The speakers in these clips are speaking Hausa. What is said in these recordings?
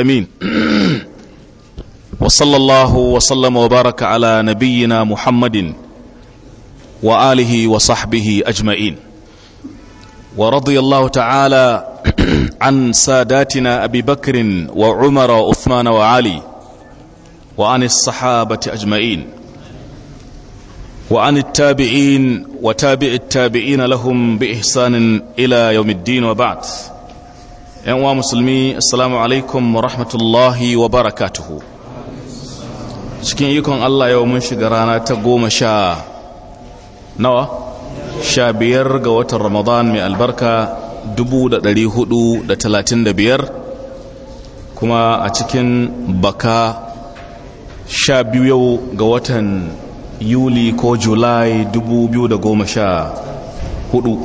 امين وصلى الله وسلم وبارك على نبينا محمد واله وصحبه اجمعين ورضي الله تعالى عن ساداتنا ابي بكر وعمر وعثمان وعلي وعن الصحابه اجمعين وعن التابعين وتابع التابعين لهم باحسان الى يوم الدين وبعد yan wa musulmi assalamu alaikum wa rahmatullahi wa barakatuhu cikin ikon Allah yau mun shiga rana ta goma sha nawa sha biyar ga watan ramadan mai albarka dubu da dari hudu da talatin da biyar kuma a cikin baka sha biyu yau ga watan yuli ko julai dubu biyu da goma sha hudu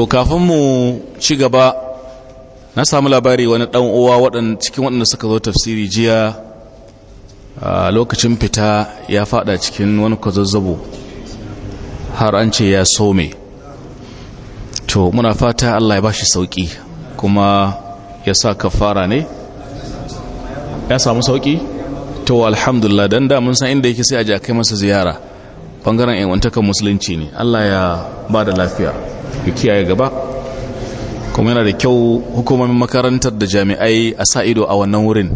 to kafin mu ci gaba na samu labari wani dan uwa cikin waɗanda suka zo tafsiri jiya a lokacin fita ya fada cikin wani kwazazzabo har an ce ya some to muna fata Allah ya bashi sauki kuma ya sa kafara ne ya samu sauki to alhamdulillah dan da mun san inda yake sai a ja kai masa ziyara bangaren yan musulunci ne Allah ya ba da lafiya kiyaye gaba kuma yana da kyau hukumomin makarantar da jami'ai a sa ido a wannan wurin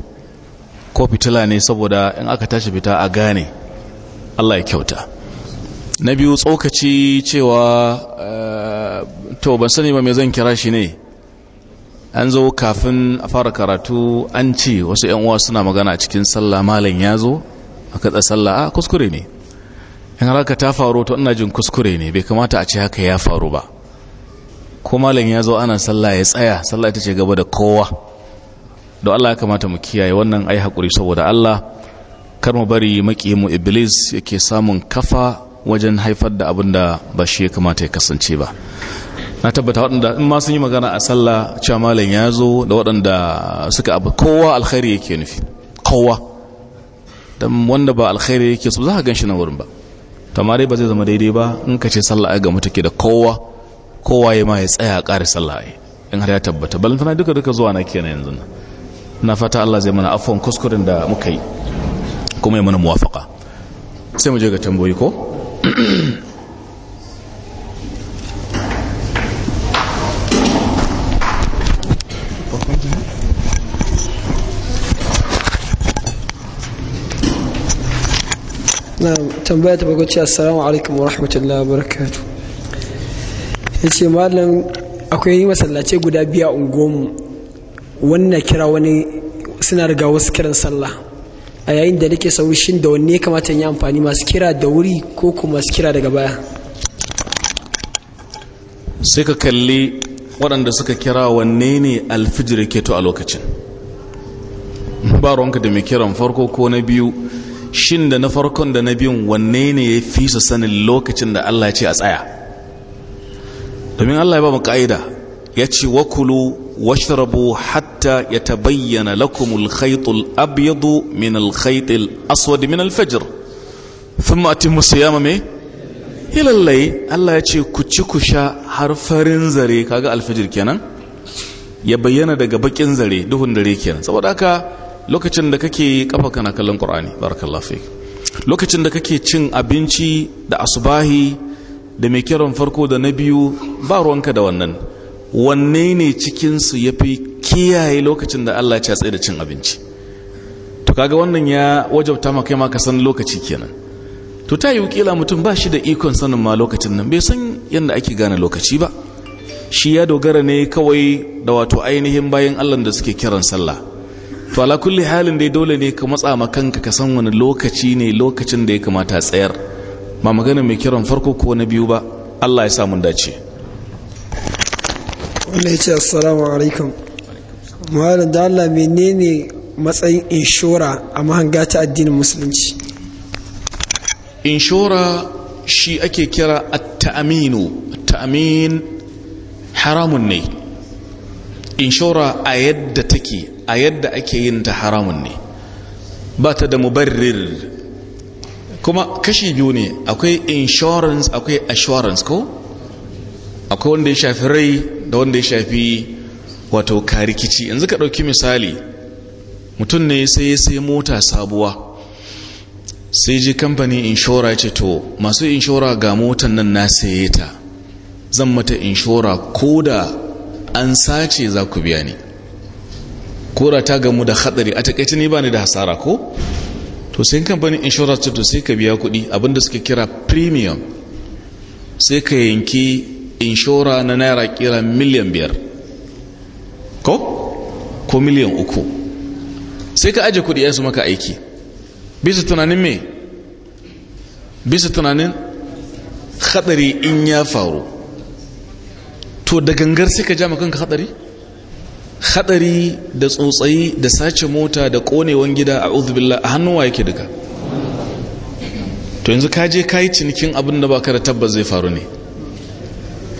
ko fitila ne saboda in aka tashi fita a gane Allah ya kyauta na biyu tsokaci cewa eh, to ban sani ba me zan kira shi ne an zo kafin a fara karatu an ce wasu 'yan uwa suna magana a cikin sallah malam ya zo a katsa sallah a kuskure ne in haraka ta faru to ina jin kuskure ne bai kamata a ce haka ya faru ba ko malam ya zo ana sallah ya tsaya sallah ita ce gaba da kowa don Allah ya kamata mu kiyaye wannan ai hakuri saboda Allah kar mu bari mu iblis yake samun kafa wajen haifar da abin da ba shi ya kamata ya kasance ba na tabbata waɗanda in ma sun yi magana a sallah cewa malam ya zo da waɗanda suka abu kowa alkhairi yake nufi kowa don wanda ba alkhairi yake su za ka gan shi na wurin ba tamare ba zai zama daidai ba in ka ce sallah a gamu take da kowa kowa ya ma ya tsaya ƙari sallah in har ya tabbata balantana duka duka zuwa na kenan yanzu na fata Allah zai mana afon kuskurin da muka yi kuma ya mana muwafaka sai mu je ga tamboyi ko tambaya ta bakwai ce assalamu alaikum wa rahmatullahi wa barakatuh ya ce malam akwai masallace guda biya ungomu wannan kira wani suna riga wasu kiran sallah a yayin da nake sauri shi da wanne ya kamata yi amfani masu kira da wuri ko kuma masu kira daga baya sai ka kalli waɗanda suka kira wanne ne alfijir ke a lokacin ba ruwanka da mai kiran farko ko na biyu shin da na farkon da na biyun wanne ne ya fi su sanin lokacin da allah ce a tsaya domin Allah ya ba mu ka'ida ya ce wakulu washrabu hatta ya tabayyana lakumul khaytul abyadu min al khaytil aswad min al fajr thumma atimmu siyama me ilallai Allah ya ce ku ci ku sha har farin zare kaga alfajir kenan ya bayyana daga bakin zare duhun dare kenan saboda haka lokacin da kake kafa kana kallon qur'ani barakallahu fik lokacin da kake cin abinci da asubahi da mai kiran farko da na biyu ba ruwanka da wannan wanne ne cikinsu ya fi kiyaye lokacin da Allah ya tsaye da cin abinci to kaga wannan ya wajabta ma kai ma ka san lokaci kenan to ta yi kila mutum ba shi da ikon sanin ma lokacin nan bai san yadda ake gane lokaci ba shi ya dogara ne kawai da wato ainihin bayan Allah da suke kiran sallah to ala kulli halin dai dole ne ka matsa ma kanka ka san wani lokaci ne lokacin da ya kamata tsayar ba magana mai kiran farko ko na biyu ba Allah ya sa dace wanda ya ce assalamu alaikum malam da Allah menene matsayin inshora a mahanga ta addinin musulunci inshora shi ake kira at-ta'minu at-ta'min haramun ne inshora a yadda take a yadda ake yin ta haramun ne ba ta da mubarrir kuma kashi biyu ne akwai insurance akwai assurance ko akwai wanda ya shafi rai da wanda ya shafi wato karikici yanzu ka ɗauki misali mutum ne sai ya sai mota sabuwa sai ji kamfani inshora ce to masu inshora ga motan nan na saye ta zan mata inshora ko da an sace za ku biya ni kora ta gamu da hadari a takaice ne ba ni da hasara ko to sai kamfanin insurance ce to sai ka biya kuɗi abinda suka kira premium sai ka yanki inshora na naira kira miliyan biyar ko ko miliyan uku sai ka aje kuɗi ya su maka aiki bisa tunanin me bisa tunanin hadari in ya faru to da gangar sai ka ja makanka hadari hatsari da tsotsai da sace mota da konewan gida a uzubillah a hannuwa yake duka to yanzu ka je ka cinikin abin da baka da tabbas zai faru ne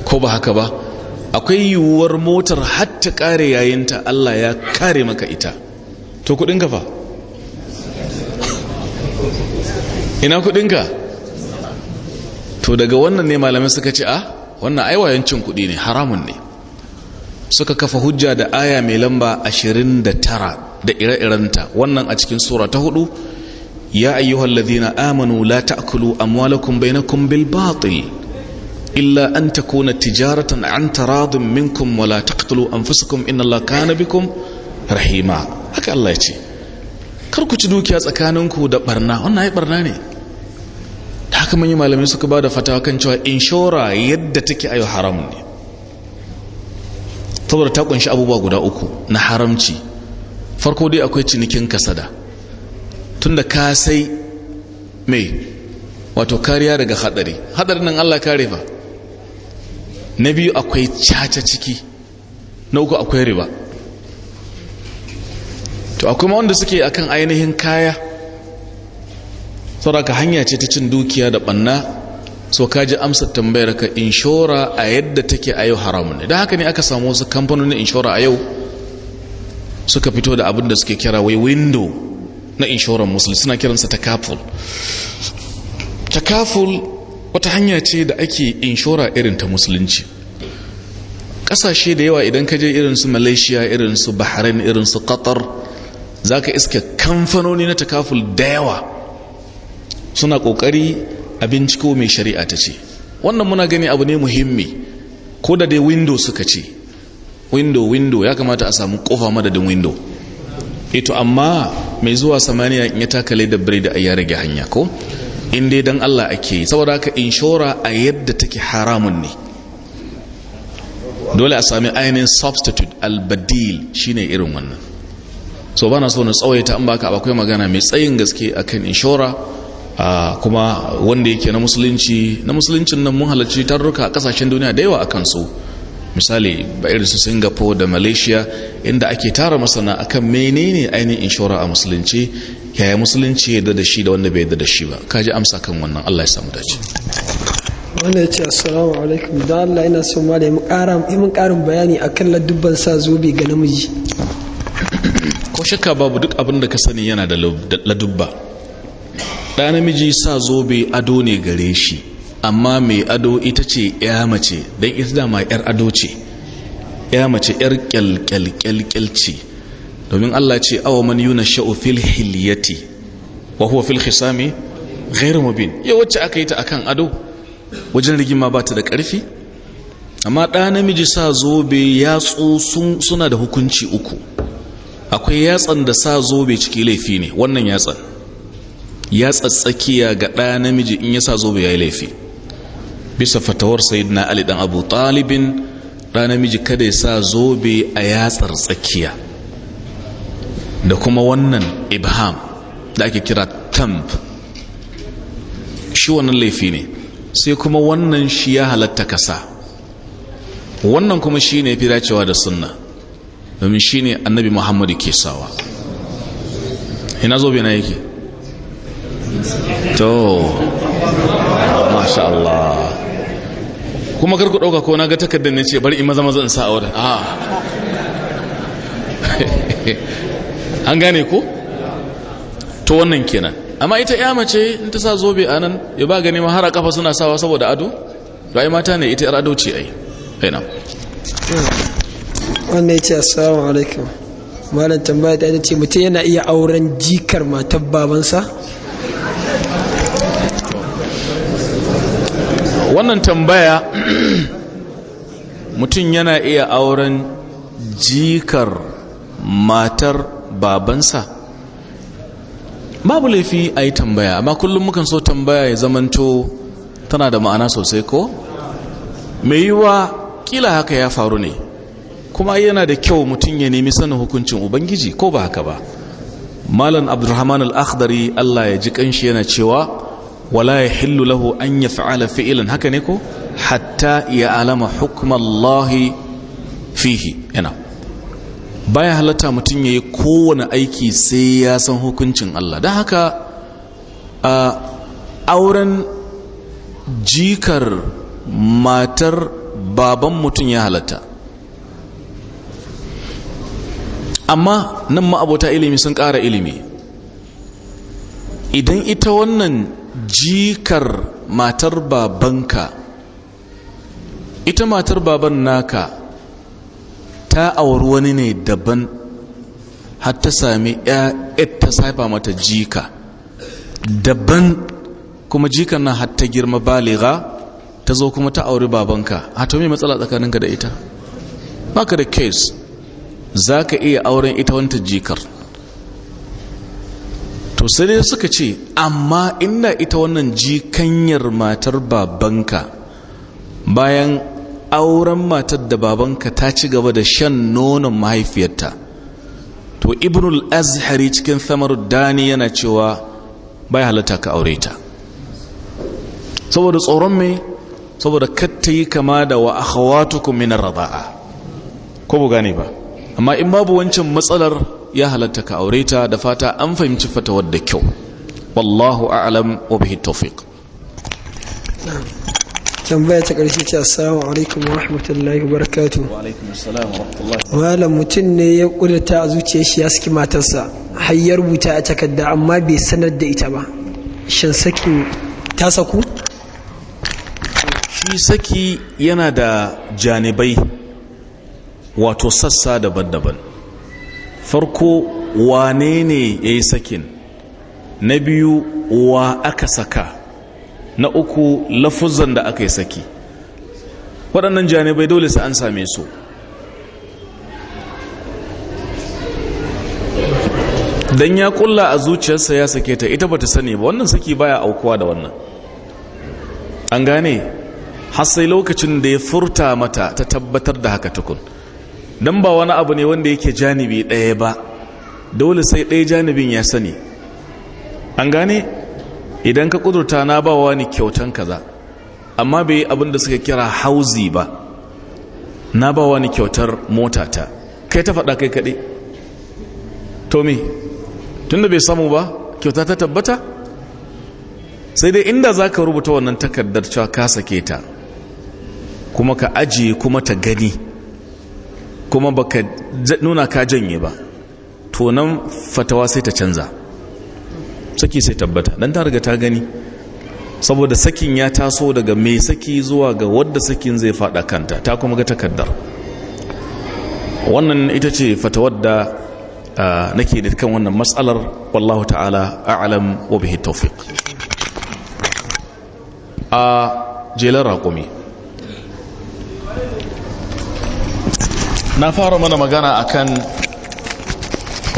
ko ba haka ba akwai yiwuwar motar hatta kare yayinta Allah ya kare maka ita to ka fa ina ka to daga wannan ne malamai suka ce a ah, wannan aiwayancin kudi ne haramun ne suka kafa hujja da aya mai lamba 29 da ire-irenta wannan a cikin sura ta hudu ya ayyuhal ladhina amanu la ta'kulu amwalakum bainakum bil batil illa an takuna tijaratan an taradin minkum wa la taqtulu anfusakum innallaha kana bikum rahima haka Allah ya ce kar ku ci dukiya tsakaninku da barna wannan ai barna ne haka manyan malamai suka ba da fatawa kan cewa inshora yadda take ayo haramun ne saboda ta kunshi abubuwa guda uku na haramci farko dai akwai cinikin kasada tunda ka sai mai wato kariya daga hadari hadarin nan Allah kare fa na biyu akwai caca ciki na uku akwai riba to akwai ma wanda suke akan ainihin kaya saboda hanya ce ta cin dukiya da banna so kaji amsar tambayar ka inshora a yadda take a yau haramun ne da haka ne aka samu wasu kamfanonin inshora a yau suka fito da abin da suke kira wai window na inshoran musulun suna kiransa takaful takaful wata hanya ce da ake inshora irin ta musulunci ƙasashe da yawa idan ka je irin su malaysia irin su bahrain irin su qatar za ka iska kamfanoni na takaful da yawa suna ƙoƙari a binciko mai shari'a ta ce wannan muna gani abu ne muhimmi ko da dai window suka ce window window ya kamata a samu kofa madadin window ito eh amma mai zuwa samaniya in ya takale da biredi a ya rage hanya ko in dai dan Allah ake saboda haka inshora a yadda take haramun ne dole a sami ainihin substitute albadil shine irin wannan so bana so na tsawaita an baka akwai magana mai tsayin gaske akan inshora kuma wanda yake na musulunci na musuluncin nan mun halarci tarruka a kasashen duniya da yawa a kansu misali ba irin su singapore da malaysia inda ake tara masana akan menene ainihin inshora a musulunci yaya musulunci ya da shi da wanda bai da shi ba kaji amsa kan wannan allah ya samu dace wanda ya ce assalamu alaikum da allah ina son ma da mun karin bayani akan ladubban sa zobe ga namiji ko shakka babu duk abin da ka sani yana da ladubba ɗa namiji sa zobe ado ne gare shi amma mai ado ita ce ya mace don ita dama yar ado ce ya mace yar kyalkyalkyal ce domin allah ce awa man yuna sha'u fil hilyati wa huwa fil khisami ghairu mubin ya wacce aka yi ta akan ado wajen rigima ba ta da ƙarfi amma ɗa namiji sa zobe yatsu suna da hukunci uku akwai yatsan da sa zobe ciki laifi ne wannan yatsan ya tsatsakiya ga ɗa namiji in ya sa zobe ya yi laifi bisa fatawar sayidina ali dan abu talibin ɗa namiji kada ya sa zobe a yatsar tsakiya da kuma wannan ibham da ake kira tamp shi wannan laifi ne sai kuma wannan shi ya halatta kasa wannan kuma shi ne fi dacewa da sunna domin shi ne annabi muhammadu ke sawa ina zobe na yake to masha Allah kuma karku ɗauka ko na ga takardar ne ce bari in maza maza in sa aure ah. an gane ko to wannan kenan amma ita ya mace in ta sa zobe a nan ya ba gani ma har a kafa suna sawa saboda ado to mata ne ita ado ce ai aina wannan ce assalamu alaikum malam tambaya ta ce mutum yana iya auren jikar matar babansa wannan tambaya mutum yana iya auren jikar matar babansa babu laifi a yi tambaya amma kullum mukan so tambaya ya zamanto tana da ma'ana sosai ko mai yiwa kila haka ya faru ne kuma yana da kyau mutum ya nemi sanin hukuncin ubangiji ko ba haka ba malam abdulrahman al-akhdari allah ya ji kanshi yana cewa wala ya hillu lahu an ya fa'ala fi'ilan haka ne ko hatta ya alama hukmallahi fihi ina baya halatta mutum ya yi kowane aiki sai ya san hukuncin Allah da haka a auren jikar matar baban mutum ya halatta amma nan abota ilimi sun ƙara ilimi idan ita wannan jikar matar babanka ita matar baban naka ta auri wani ne daban har ta sami ta saifa mata jika daban kuma jikan na har ta girma baliga ta zo kuma ta auri babanka ta mai matsala tsakaninka da ita baka da case za ka iya auren ita wanta jikar to sai suka ce amma ina ita wannan jikanyar matar babanka bayan auren matar da babanka ta ci gaba da shan nonon mahaifiyarta to ibnul azhari cikin samar dani yana cewa bai halatta ka aure ta saboda tsoron mai saboda katta yi kama da wa akhawatukum min raba'a. ko bu gane ba amma in babu wancan matsalar ya halatta ka aure ta da fata an fahimci fatawar da kyau wallahu a'lam wa bihi tawfiq tambaya ta ƙarshe ce assalamu alaikum wa rahmatullahi wa barakatuh wa alaikum assalam wa rahmatullahi mutum ne ya kulata a zuciyar shi ya saki matarsa har ya rubuta a takarda amma bai sanar da ita ba shin saki ta saku shi saki yana da janibai wato sassa daban-daban farko wane ne ya yi sakin na biyu wa aka saka na uku lafuzan da aka yi saki waɗannan bai dole su an same su dan ya kulla a zuciyarsa ya sake ta ita ba ta sani ba wannan saki baya aukuwa da wannan an gane har lokacin da ya furta mata ta tabbatar da haka tukun don ba wani abu ne wanda yake janibi ɗaya ba dole sai ɗaya janibin ya sani an gane idan ka ƙudurta na ba ni kyautan kaza amma bai abin da suka kira hauzi ba na ba ni kyautar motata kai ta faɗa kai kaɗai tomi tun da bai samu ba kyauta ta tabbata sai dai inda za ka rubuta wannan takardar cewa ka sake ta kuma ka ajiye kuma ta gani kuma baka nuna ka janye ba to nan fatawa sai ta canza saki sai tabbata dan ta riga ta gani saboda sakin ya taso daga mai saki zuwa ga wadda sakin zai fada kanta ta kuma ga takaddar wannan ita ce fatawar da nake da kan wannan matsalar wallahu ta'ala a'lam wa bihi tawfiq a jelar raƙumi na fara mana magana akan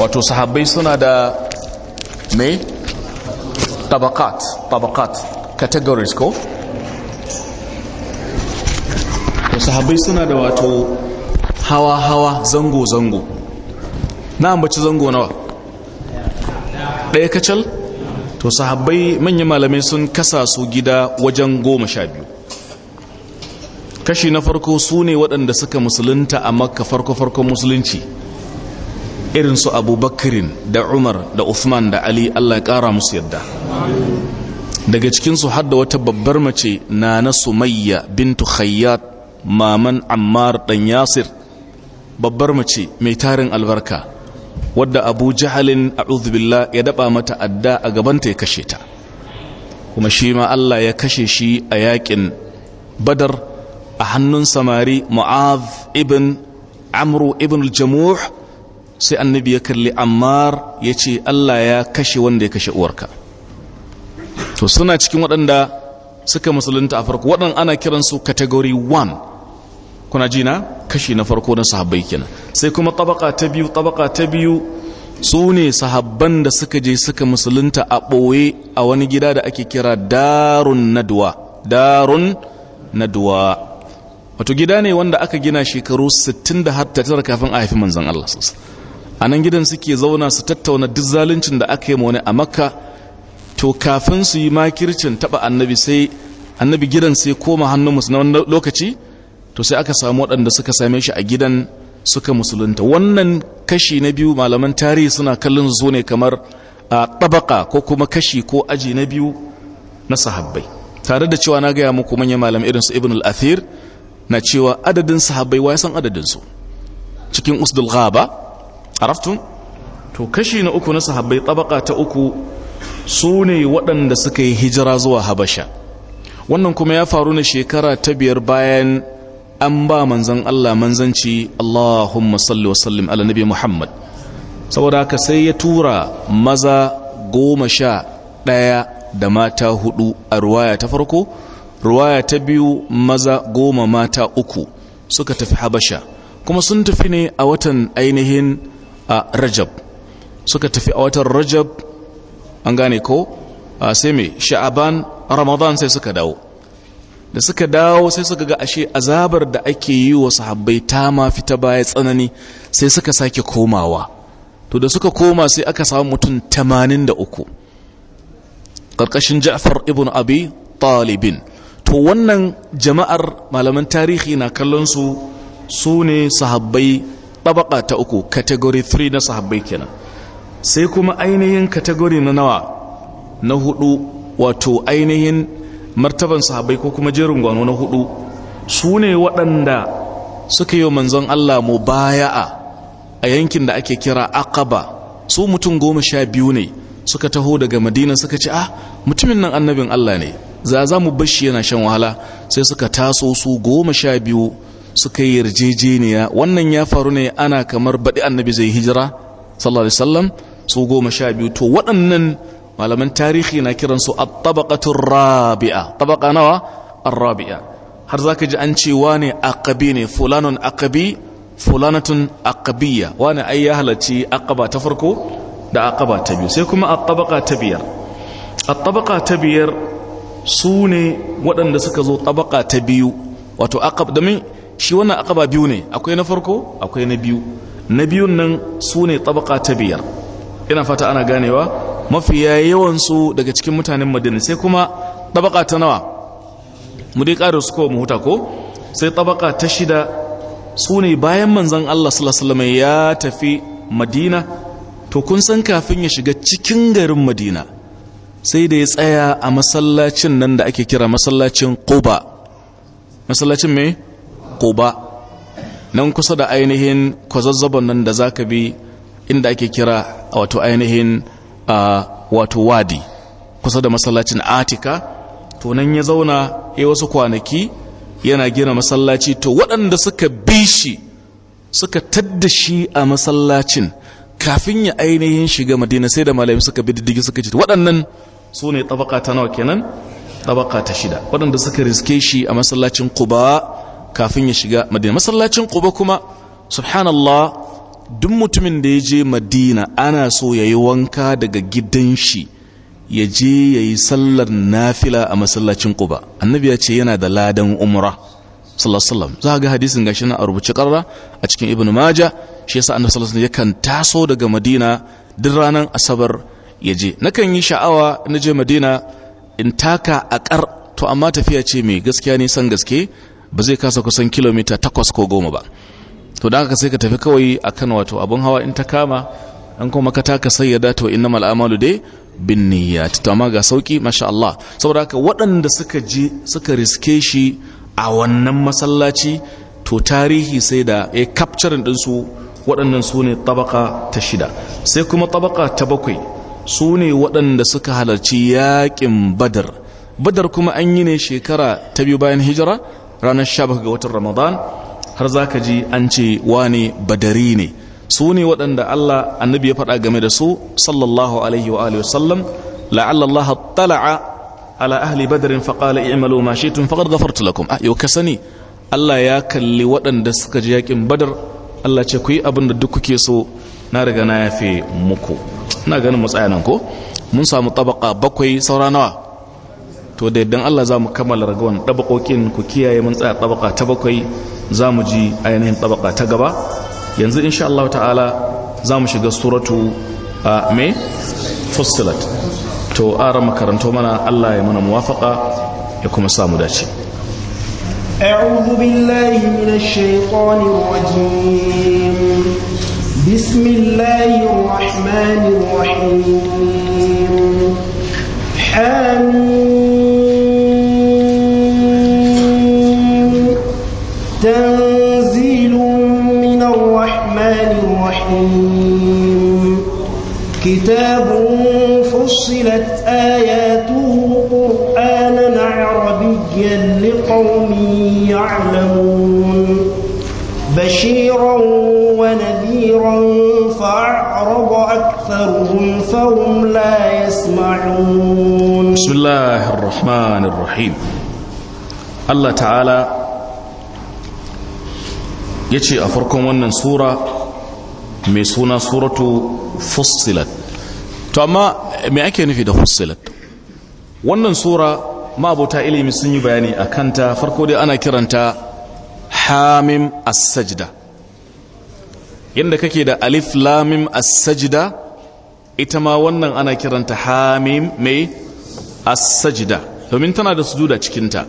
wato sahabbai suna da mai tabakat tabakat categories ko sahabbai suna da wato hawa-hawa zango-zango na ambaci zango nawa ɗaya kacal to sahabbai manyan malamai sun kasa su gida wajen goma sha biyu kashi na farko su ne waɗanda suka musulunta a makka farko-farkon musulunci irin su abubakarin da umar da uthman da ali allah ƙara musu yadda daga cikinsu har da wata babbar mace na na sumayya bintu khayyat maman ammar ɗan yasir babbar mace mai tarin albarka wadda abu jahalin a ya daɓa mata adda a gabanta ya kashe ta kuma shi ma allah ya kashe shi a yakin badar a hannun samari mu'adh ibn amru ibn al-jamuh sai annabi ya kalli ammar ya ce Allah ya kashe wanda ya kashe uwarka to suna cikin waɗanda suka musulunta a farko waɗanda ana kiransu category 1 kuna jina kashi na farko na sahabbai kenan sai kuma tabaka ta biyu tabaka ta biyu su ne sahabban da suka je suka musulunta a ɓoye a wani gida da ake kira darun nadwa darun nadwa wato gida ne wanda aka gina shekaru 60 da har kafin a haifi manzon Allah a nan gidan suke zauna su tattauna duk zaluncin da aka yi wani a makka to kafin su yi makircin taba annabi sai annabi gidan sai koma hannun musu na wani lokaci to sai aka samu waɗanda suka same shi a gidan suka musulunta wannan kashi na biyu malaman tarihi suna kallon su ne kamar a tabaka ko kuma kashi ko aji na biyu na sahabbai tare da cewa na gaya muku manyan malam irin su ibn al-athir na cewa adadin sahabbai wa san adadinsu cikin usdul ghaba araftun to kashi na uku na sahabbai tabaka ta uku su ne waɗanda suka yi hijira zuwa habasha wannan kuma ya faru na shekara ta biyar bayan an ba manzan Allah manzanci Allahumma salli wa sallim ala nabi Muhammad saboda haka sai ya tura maza goma sha ɗaya da mata hudu a ruwaya ta farko ruwaya ta biyu maza goma mata uku suka tafi habasha kuma sun tafi ne a watan ainihin a rajab suka tafi a watan rajab an gane ko a sai sha'aban ramadan sai suka dawo da suka dawo sai suka ga ashe azabar da ake yi wa sahabbai ta ma fita baya tsanani sai suka sake komawa to da suka koma sai aka samu mutum tamanin da uku ƙarƙashin ja'far ibn abi talibin to wannan jama'ar malaman tarihi na kallon su su ne sahabbai ɗabaƙa ta uku category 3 na sahabbai kenan sai kuma ainihin category na nawa na hudu wato ainihin martaban sahabbai ko kuma jerin gwano na hudu su ne waɗanda suka yi manzon Allah mu baya a yankin da ake kira aqaba su mutum goma sha biyu ne suka taho daga madina suka ce ah mutumin nan annabin Allah ne za za mu bashi yana shan wahala sai suka taso su goma sha biyu suka yi yarjejeniya wannan ya faru ne ana kamar baɗi annabi zai hijira sallallahu alaihi su goma sha biyu to waɗannan malaman tarihi na kiransu at-tabaqatur rabi'a tabaqa nawa ar-rabi'a har zaka ji an ce wane aqabi ne fulanun aqabi fulanatun aqabiyya wane ai ya halarci aqaba ta farko da aqaba ta biyu sai kuma at-tabaqa ta biyar at-tabaqa ta biyar su ne waɗanda suka zo tabaka ta biyu wato da domin shi wannan akaba biyu ne akwai na farko akwai na biyu na biyun nan su ne tabaka ta biyar ina fata ana ganewa mafiya yawan su daga cikin mutanen madina sai kuma tabaka ta nawa mu dai ƙara su kowa mu huta ko sai tabaka ta shida su ne bayan manzon Allah sallallahu alaihi ya tafi madina to kun san kafin ya shiga cikin garin madina sai da ya tsaya a masallacin nan da ake kira masallacin ƙoba masallacin mai ƙoba nan kusa da ainihin kwazazzabon nan da za ka bi inda ake kira a wato ainihin wato wadi kusa da masallacin atika to nan ya zauna ya wasu kwanaki yana gina masallaci to waɗanda suka bi shi suka tadda shi a masallacin kafin ya ainihin shiga madina sai da malami suka bi diddigi suka ce waɗannan su ne tabaka ta nawa kenan tabaka ta shida waɗanda suka riske shi a masallacin quba kafin ya shiga madina masallacin quba kuma subhanallah duk mutumin da ya je madina ana so ya yi wanka daga gidan shi yaje je ya yi sallar nafila a masallacin quba annabi ya ce yana da ladan umra sallallahu za ga hadisin gashi na a rubuce karra a cikin ibnu maja shi yasa annabi sallallahu alaihi yakan taso daga madina duk ranar asabar ya je nakan yi sha'awa na je madina in taka a kar to amma tafiya ce mai gaskiya ne san gaske ba zai kasa kusan kilomita takwas ko goma ba to da haka sai ka tafi kawai a akan wato abin hawa in ta kama an kuma ka taka sayyada to innamal amalu dai bin niyya to amma ga sauki masha Allah saboda haka waɗanda suka je suka riske shi a wannan masallaci to tarihi sai da ya capturing din su waɗannan su ne tabaka ta shida sai kuma tabaka ta bakwai su ne waɗanda suka halarci yaƙin badar badar kuma an yi ne shekara ta biyu bayan hijira ranar sha ga watan ramadan har za ka ji an ce wane badari ne su ne waɗanda allah annabi ya faɗa game da su sallallahu alaihi wa alihi wasallam la'allallaha tala'a ala ahli badarin faƙala i'malu ma shi'tum faqad ghafartu lakum ah yau ka sani allah ya kalli waɗanda suka ji yaƙin badar allah ce ku yi abin da duk kuke so na riga na yafe muku ina ganin matsaya nan ko mun samu tabaka bakwai saura nawa to da idan Allah za mu kammala ragawan tabakokin ku kiyaye mun tsaya tabaka ta bakwai za mu ji ainihin tabaka ta gaba yanzu insha Allah ta'ala za mu shiga suratu a me fussilat to ara makaranto mana Allah ya mana muwafaka ya kuma sa mu dace أعوذ بالله من الشيطان الرجيم بسم الله الرحمن الرحيم حامد فهم لا يسمعون بسم الله الرحمن الرحيم الله تعالى يجي أفركم أن سورة ميسونا سورة فصلت تما ما أكيني في فصلت wannan sura ma ilimi sun yi bayani a farko dai ana kiranta hamim as yadda kake da alif lamim as ita ma wannan ana kiranta hamim mai as-sajda domin tana da sujuda cikinta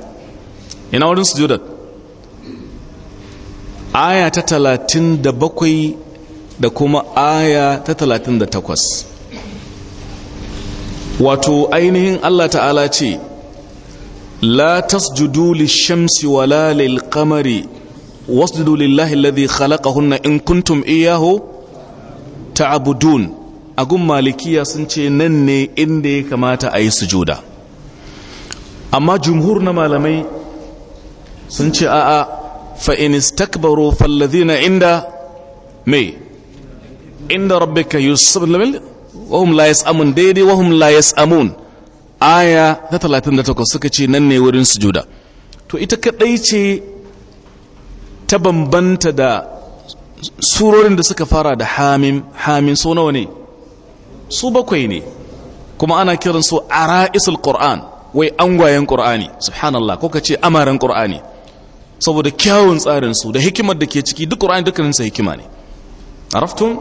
ina wurin sujudar aya ta talatin da bakwai da kuma aya ta talatin da takwas wato ainihin Allah ta'ala ce la tasjudu lishamsi wala lilqamari wasjudu lillahi alladhi khalaqahunna in kuntum iyyahu ta'budun agun malikiya sun ce nan ne inda ya kamata a yi sujuda amma jumhur na malamai sun ce a'a fa'in istakbaro fallazina inda mai inda rabbika yusuf lamil wahum layas amun daidai wahum layas amun aya ta 38 suka ce nan ne wurin sujuda to ita kadai ce ta bambanta da surorin da suka fara da hamim hamim so nawa ne su bakwai ne kuma ana kiran su ara'isul qur'an wai angwayen qur'ani subhanallah ko kace amaran qur'ani saboda kyawun tsarin su da hikimar da ke ciki duk qur'ani dukkanin sa hikima ne araftum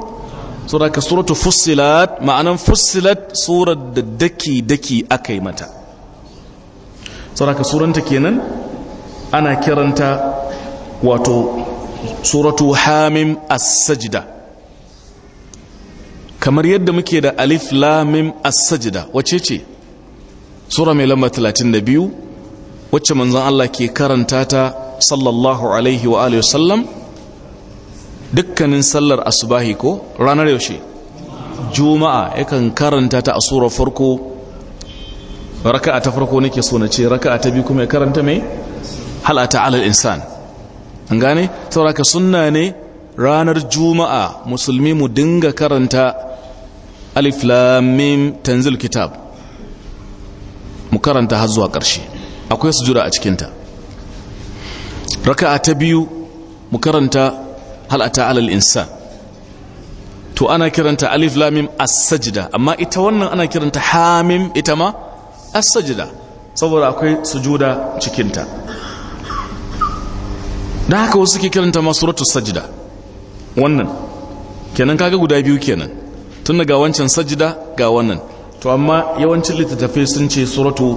sura ka suratu fussilat ma'anan fussilat surar da daki daki akai mata sura ka suranta kenan ana kiranta wato suratu hamim as-sajda kamar yadda muke da alif lamim as-sajda wace ce sura mai lamba 32 wacce manzon Allah ke karanta ta sallallahu alaihi wa alihi wasallam dukkanin sallar asubahi ko ranar yaushe juma'a yakan karanta ta a sura farko raka'a ta farko nake so na ce raka'a ta biyu kuma ya karanta mai halata alal insan an gane sauraka sunna ne ranar juma'a musulmi mu dinga karanta alif lam mim tanzil kitab mu karanta har zuwa ƙarshe akwai sujura a cikinta raka'a ta biyu mu karanta hal ata al insan to ana kiranta alif lam mim as-sajda amma ita wannan ana kiranta ha mim ita ma as-sajda saboda akwai sujuda cikinta dan haka wasu ke kiranta ma suratul sajda wannan kenan kaga guda biyu kenan tun ga wancan sajida ga wannan to amma yawancin littattafai sun ce suratu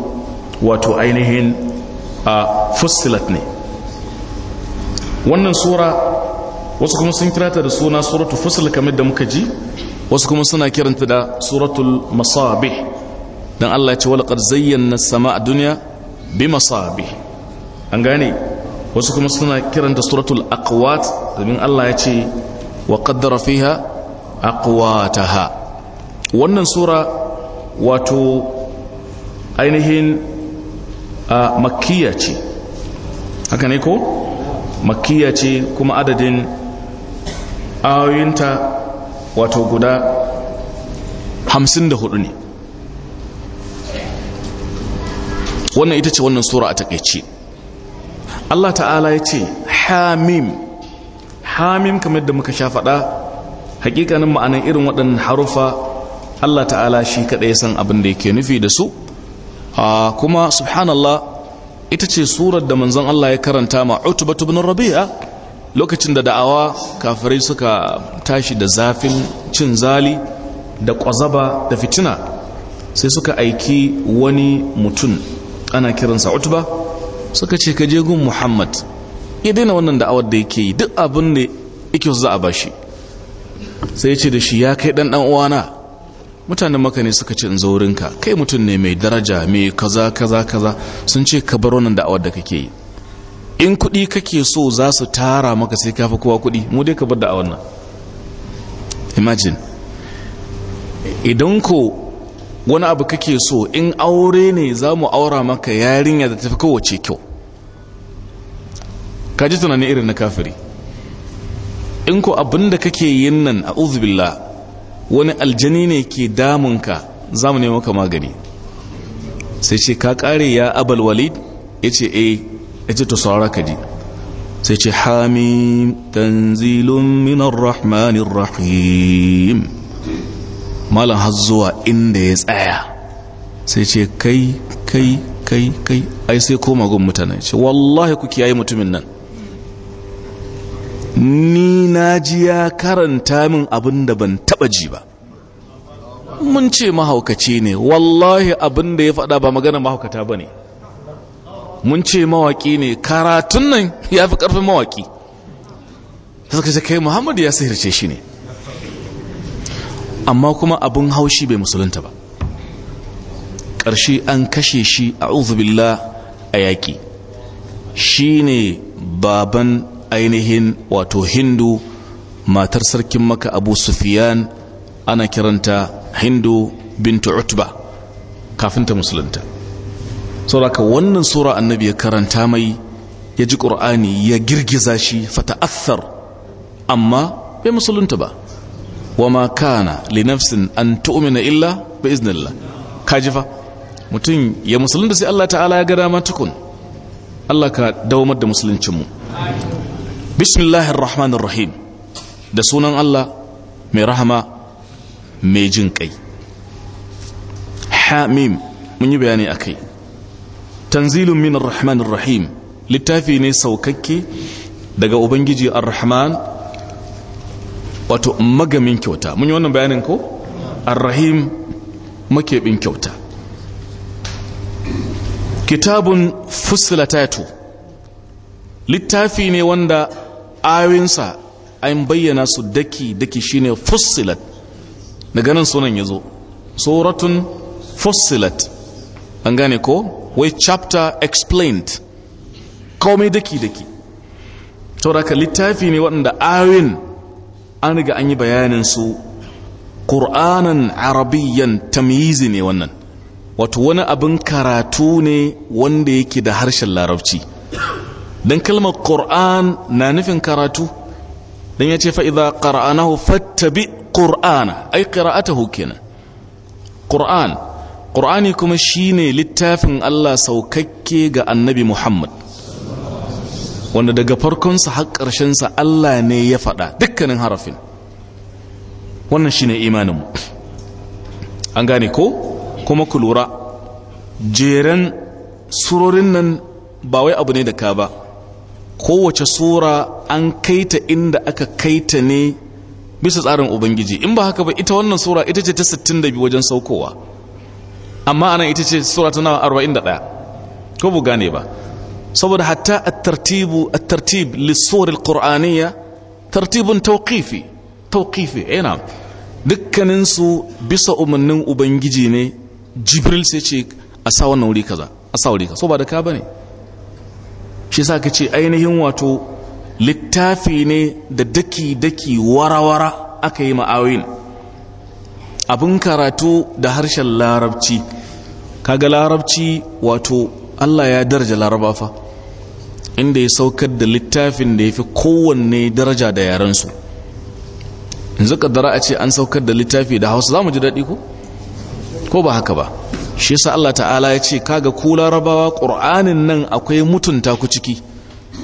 wato ainihin a fussilat ne wannan sura wasu kuma sun kirata da suna suratu fussil kamar da muka ji wasu kuma suna kiranta da suratul masabih don Allah ya ce wala zayyana as-sama'a dunya bi masabih an gane wasu kuma suna kiranta suratul akwat domin Allah ya ce wa qaddara fiha aqwataha wannan sura wato ainihin makkiya ce haka ne ko makkiya ce kuma adadin ayoyinta wato guda 54 ne wannan ita ce wannan sura a takaice Allah ta'ala ya ce hamim hamim kamar da muka sha hakikanin ma'anan irin waɗannan harufa Allah ta'ala shi kaɗai san abin da yake nufi da su kuma subhanallah ita ce surar da manzon Allah ya karanta ma Utbatu ibn Rabi'a lokacin da da'awa kafirai suka tashi da zafin cin zali da kwazaba da fitina sai suka aiki wani mutum ana kiransa utuba suka ce ka je gun Muhammad ya daina wannan da'awar da yake yi duk abin da yake za a bashi sai ce da shi ya kai dan dan uwana mutanen maka ne suka ce in zo wurinka kai mutum ne mai daraja mai kaza kaza kaza sun ce ka bar wannan da'awar da kake yi in kuɗi kake so za su tara maka sai ka fi kowa kuɗi mu dai ka bar da'awar nan imagine idan ko wani abu kake so in aure ne za mu aura maka yarinya da tafi kowace kyau ka ji tunanin irin na kafiri in ko abin da kake yin nan a uzubillah wani aljani ne ke damunka za mu nemo ka magani sai ce ka kare ya abal walid ya ce eh ya ce to ka ji sai ce hamim tanzilun minar rahmanin rahim malam har zuwa inda ya tsaya sai ce kai kai kai kai ai sai koma gun mutane ce wallahi ku kiyaye mutumin nan ni na ji ya karanta min abin da ban taba ji ba mun ce mahaukaci ne wallahi abin da ya faɗa ba magana mahaukata ba ne mun ce mawaki ne karatun nan ya fi ƙarfin mawaki suka ce kai muhammadu ya sihirce shi ne amma kuma abin haushi bai musulunta ba ƙarshe an kashe shi a uzubillah a yaƙi shi ne baban ainihin wato hindu matar sarkin maka abu sufiyan ana kiranta hindu bintu utba kafinta ta musulunta sauraka wannan sura annabi ya karanta mai ya ji ƙur'ani ya girgiza shi fata'athar amma bai musulunta ba wama kana linafsin an tu'mina illa bi iznillah ji fa mutum ya musulunta sai Allah ta'ala ya ga dama tukun Allah ka dawamar da musuluncinmu bismillahir rahmanir rahim da sunan Allah mai rahama mai jin kai hamim mun yi bayani akai tanzilun minar rahmanir rahim littafi ne saukakke daga ubangiji ar-rahman wato magamin kyauta mun yi wannan bayanin ko ar-rahim kyauta kitabun fusilatatu littafi ne wanda Awinsa an bayyana su daki daki shine fussilat daga nan sunan ya zo suratun fussilat an gane ko wai chapter explained komai daki daki sauraka littafi ne waɗanda awin an riga an yi bayanin su ƙur'anan arabiyyan tamyizi ne wannan wato wani abin karatu ne wanda yake da harshen larabci Dan kalmar Qur'an na nufin karatu Dan ya ce fa'iza ƙara'anahu fattabi ƙur'ana ai ƙira'atahu kenan ƙur'an ƙur'ani kuma shi ne littafin Allah saukakke ga annabi Muhammad wanda daga farkonsa har ƙarshensa Allah ne ya faɗa dukkanin harafin wannan shi ne imaninmu an gane ko kuma ku lura jeren surorin nan ba wai abu ne da ka ba kowace sura an kaita inda aka kaita ne bisa tsarin ubangiji in ba haka ba ita wannan sura ita ce ta 62 wajen saukowa amma anan ita ce sura ta arba'in 41 ko bu gane ba saboda hatta at-tartibu at-tartib lis-suwar al-qur'aniyya tartibun tawqifi tawqifi ina eh, dukkanin bisa umarnin ubangiji ne jibril sai ce a sa wannan wuri kaza a sa wuri kaza so ba da ka bane shi sa ka ce ainihin wato littafi ne da daki-daki wara-wara aka yi ma'awin abin karatu da harshen larabci kaga larabci wato allah ya daraja laraba fa inda ya saukar da littafin da ya fi kowanne daraja da yarensu yanzu kaddara a ce an saukar da littafi da hausa za mu ji daɗi ko? ko ba haka ba shi yasa Allah ta'ala ya ce kaga ku larabawa qur'anin nan akwai mutunta ku ciki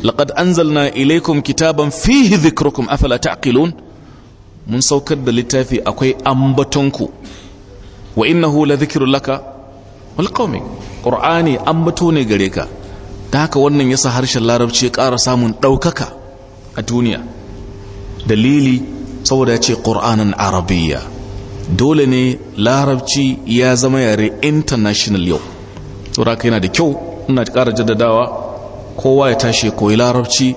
laqad anzalna ilaykum kitaban fihi dhikrukum afala taqilun mun saukar da littafi akwai ambatonku wa innahu la dhikrun laka wal qaumi qur'ani ambato ne gare ka ta haka wannan yasa harshen larabci ya ƙara samun ɗaukaka a duniya dalili saboda ya ce qur'anan arabiyya dole ne larabci ya zama yare international yau kai yana da kyau ina kara jaddadawa kowa ya tashi koyi larabci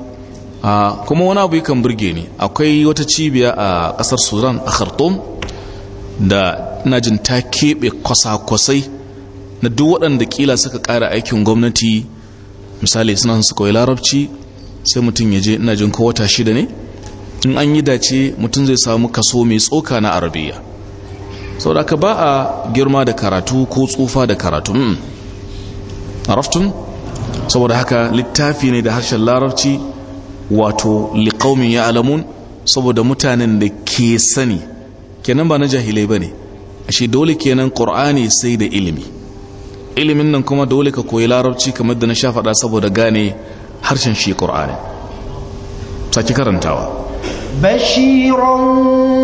ah, kuma wani abu yakan burge ni akwai wata cibiya a ƙasar sudan a khartoum da najin ta keɓe kwasa-kwasai na duk waɗanda ƙila suka ƙara aikin gwamnati misali suna su koyi larabci sai mutum ya je ina jin ko wata shida ne in an yi dace mutum zai samu kaso mai tsoka na arabiya saboda ba a girma da karatu ko tsufa da karatu hmm. araftun saboda haka littafi ne da harshen larabci wato liƙaumin ya alamun saboda mutanen da ke sani kenan ba na jahilai ba ne ashe dole kenan ƙor'ani sai da ilimi ilimin nan kuma dole ka koyi larabci kamar da na sha faɗa saboda gane harshen shi ƙor'ani saki karantawa bashiran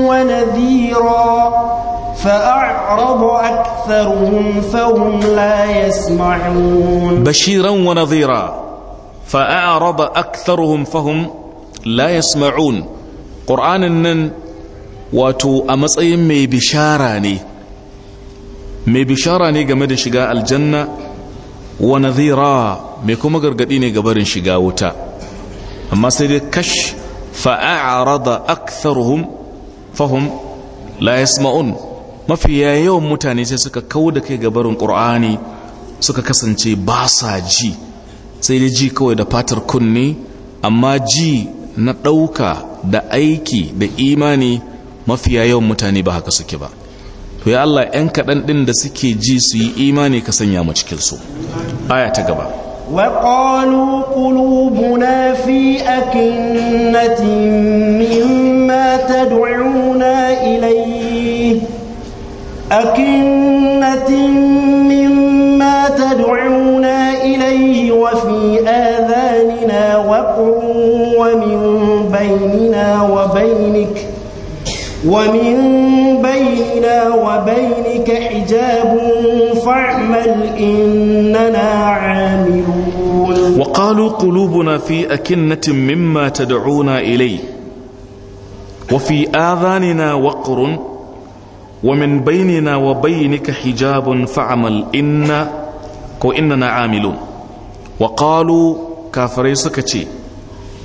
wa nadira فأعرض أكثرهم فهم لا يسمعون بشيرا ونظيرا فأعرض أكثرهم فهم لا يسمعون قرآن النن واتو أمسأي مي بشاراني مي بشاراني قمد شقاء الجنة ونظيرا مي كما قرقديني قبر شقاء وتا أما سيدي كش فأعرض أكثرهم فهم لا يسمعون mafiya yawan mutane sai suka kawo da kai gabarin ƙur'ani suka kasance ba sa ji sai dai ji kawai da fatar kunne amma ji na ɗauka da aiki da imani mafiya yawan mutane ba haka suke ba to ya Allah 'yan kaɗan ɗin da suke ji su yi imani ka sanya mu cikinsu aya ta gaba وقالوا قلوبنا في أكنة مما تدعون أكنة مما تدعونا إليه وفي آذاننا وقر ومن بيننا وبينك ومن بيننا وبينك حجاب فاعمل إننا عاملون وقالوا قلوبنا في أكنة مما تدعونا إليه وفي آذاننا وقر wa ومن بيننا وبينك حجاب فعمل إنا كو إننا عاملون وقالوا fi سكتي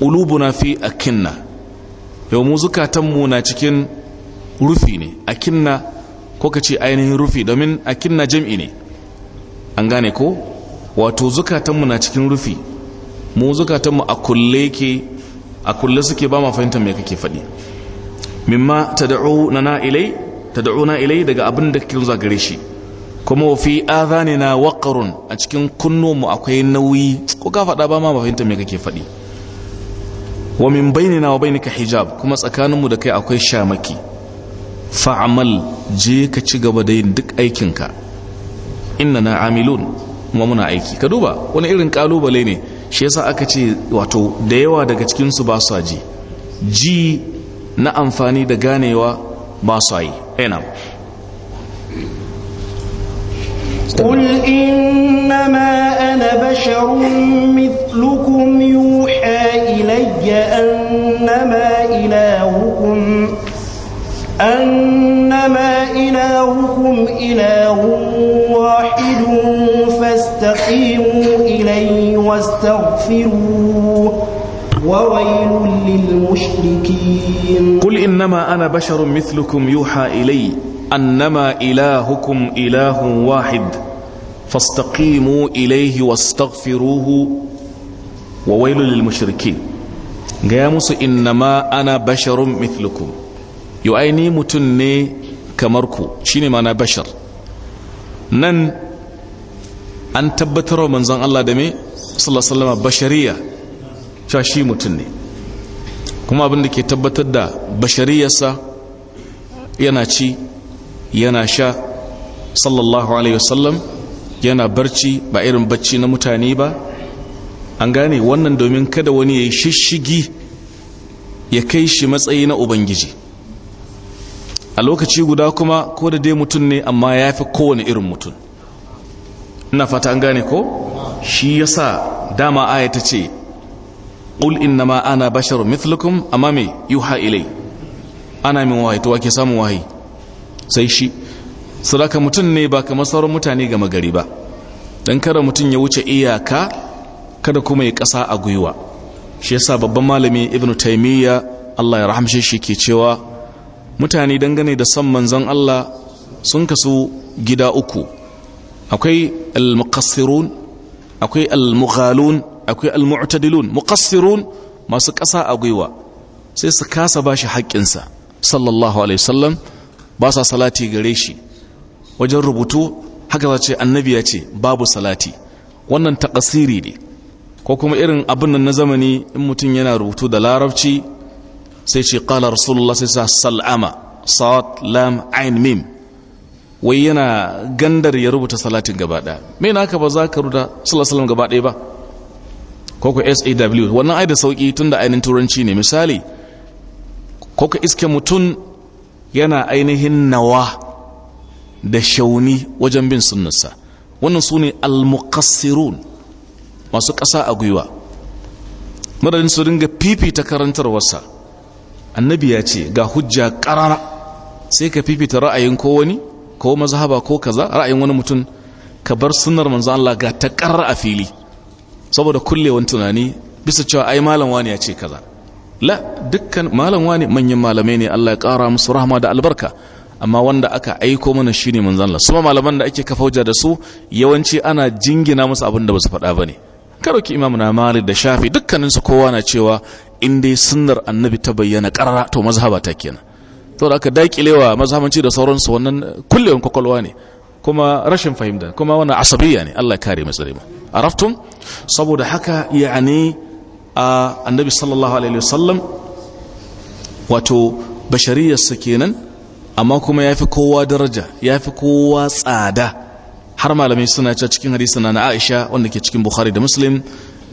قلوبنا في أكنة يوم na cikin rufi ne akinna ko ka ce ainihin rufi domin akinna jam'i ne an gane ko wato zukatanmu na cikin rufi mu zukatanmu a kulle ke a kulle suke ba ma fahimta me kake faɗi mimma ta da'u na na ilai ta tad'una ilai daga abin da kake zuwa gare shi kuma fi adhanina waqrun a cikin mu akwai nauyi ko ka faɗa ba ma ba fahimta me kake faɗi wa min bainina wa bainika hijab kuma tsakanin mu da kai akwai shamaki fa'amal je ka ci gaba da yin duk aikinka inna na amilun kuma muna aiki ka duba wani irin kalubale ne shi yasa aka ce wato da yawa daga cikinsu ba su ji ji na amfani da ganewa ba su yi اي نعم قل إنما أنا بشر مثلكم يوحى إلي أنما إلهكم أنما إلهكم إله واحد فاستقيموا إليه واستغفروه وويل للمشركين قل إنما أنا بشر مثلكم يوحى إلي أنما إلهكم إله واحد فاستقيموا إليه واستغفروه وويل للمشركين قاموس إنما أنا بشر مثلكم يؤيني متني كمركو شيني ما أنا بشر نن أن تبتروا منزان الله دمي صلى الله عليه وسلم بشريه cewa shi mutum ne kuma abin da ke tabbatar da bashariyarsa yana ci yana sha sallallahu alaihi wasallam yana barci ba irin barci na mutane ba an gane wannan domin kada wani ya yi shishigi ya kai shi matsayi na ubangiji a lokaci guda kuma ko da dai mutum ne amma ya fi kowane irin mutum ina fata an gane ko shi yasa dama aya ta ce ƙul inna ma ana bashar mithlukum amma yi yuha ilai ana min wahayi to wake samun wahayi sai shi sadaka mutum ne ba kamar sauran mutane gama gari ba don kada mutum ya wuce iyaka kada kuma ya kasa a gwiwa shi yasa babban malami ibnu taimiyya allah ya rahamshe shi ke cewa mutane dangane da son manzon allah sun kasu gida uku akwai al-muqassirun akwai al-mughalun akwai almu'tadilun muqassirun masu ƙasa a gwiwa sai su kasa bashi haƙƙinsa sallallahu alaihi wasallam ba sa salati gare shi wajen rubutu haka za ce annabi ya ce babu salati wannan taƙasiri ne ko kuma irin abin nan na zamani in mutum yana rubutu da larabci sai ce qala rasulullah sai sa sal'ama lam ain mim wai yana gandar ya rubuta salatin gaba ɗaya me na haka ba za ka ruda sallallahu alaihi wasallam gaba ba koko SAW wannan ai da sauki da ainihin turanci ne misali koko iske mutum yana ainihin nawa da shauni wajen bin sunnarsa wannan su ne almukassirun masu ƙasa a gwiwa madadin su dinga fifita karantarwarsa annabi ya ce ga hujja ƙarara sai ka fifita ra'ayin ko wani ko mazhaba ko kaza ra'ayin wani mutum ka bar sunnar manzo Allah ga ta ƙarra a fili saboda kulle wani tunani bisa cewa ai malam wani ya ce kaza la dukkan malam wani manyan malamai ne Allah ya kara musu rahama da albarka amma wanda aka aiko mana shine manzon Allah kuma malaman da ake kafauja da su yawanci ana jingina musu abin da basu faɗa bane karauki imamu na malik da shafi dukkanin su kowa na cewa in dai sunnar annabi ta bayyana karara to mazhaba ta kenan to da aka dakilewa mazhabanci da sauransu wannan kulle wani kwakwalwa ne kuma rashin fahimta kuma wannan asabiyya ne Allah ya kare mu tsare araftum saboda haka yani a annabi sallallahu alaihi wasallam wato bashariyarsa kenan amma kuma yafi kowa daraja yafi kowa tsada har malamai suna cewa cikin hadisi na Aisha wanda ke cikin Bukhari da Muslim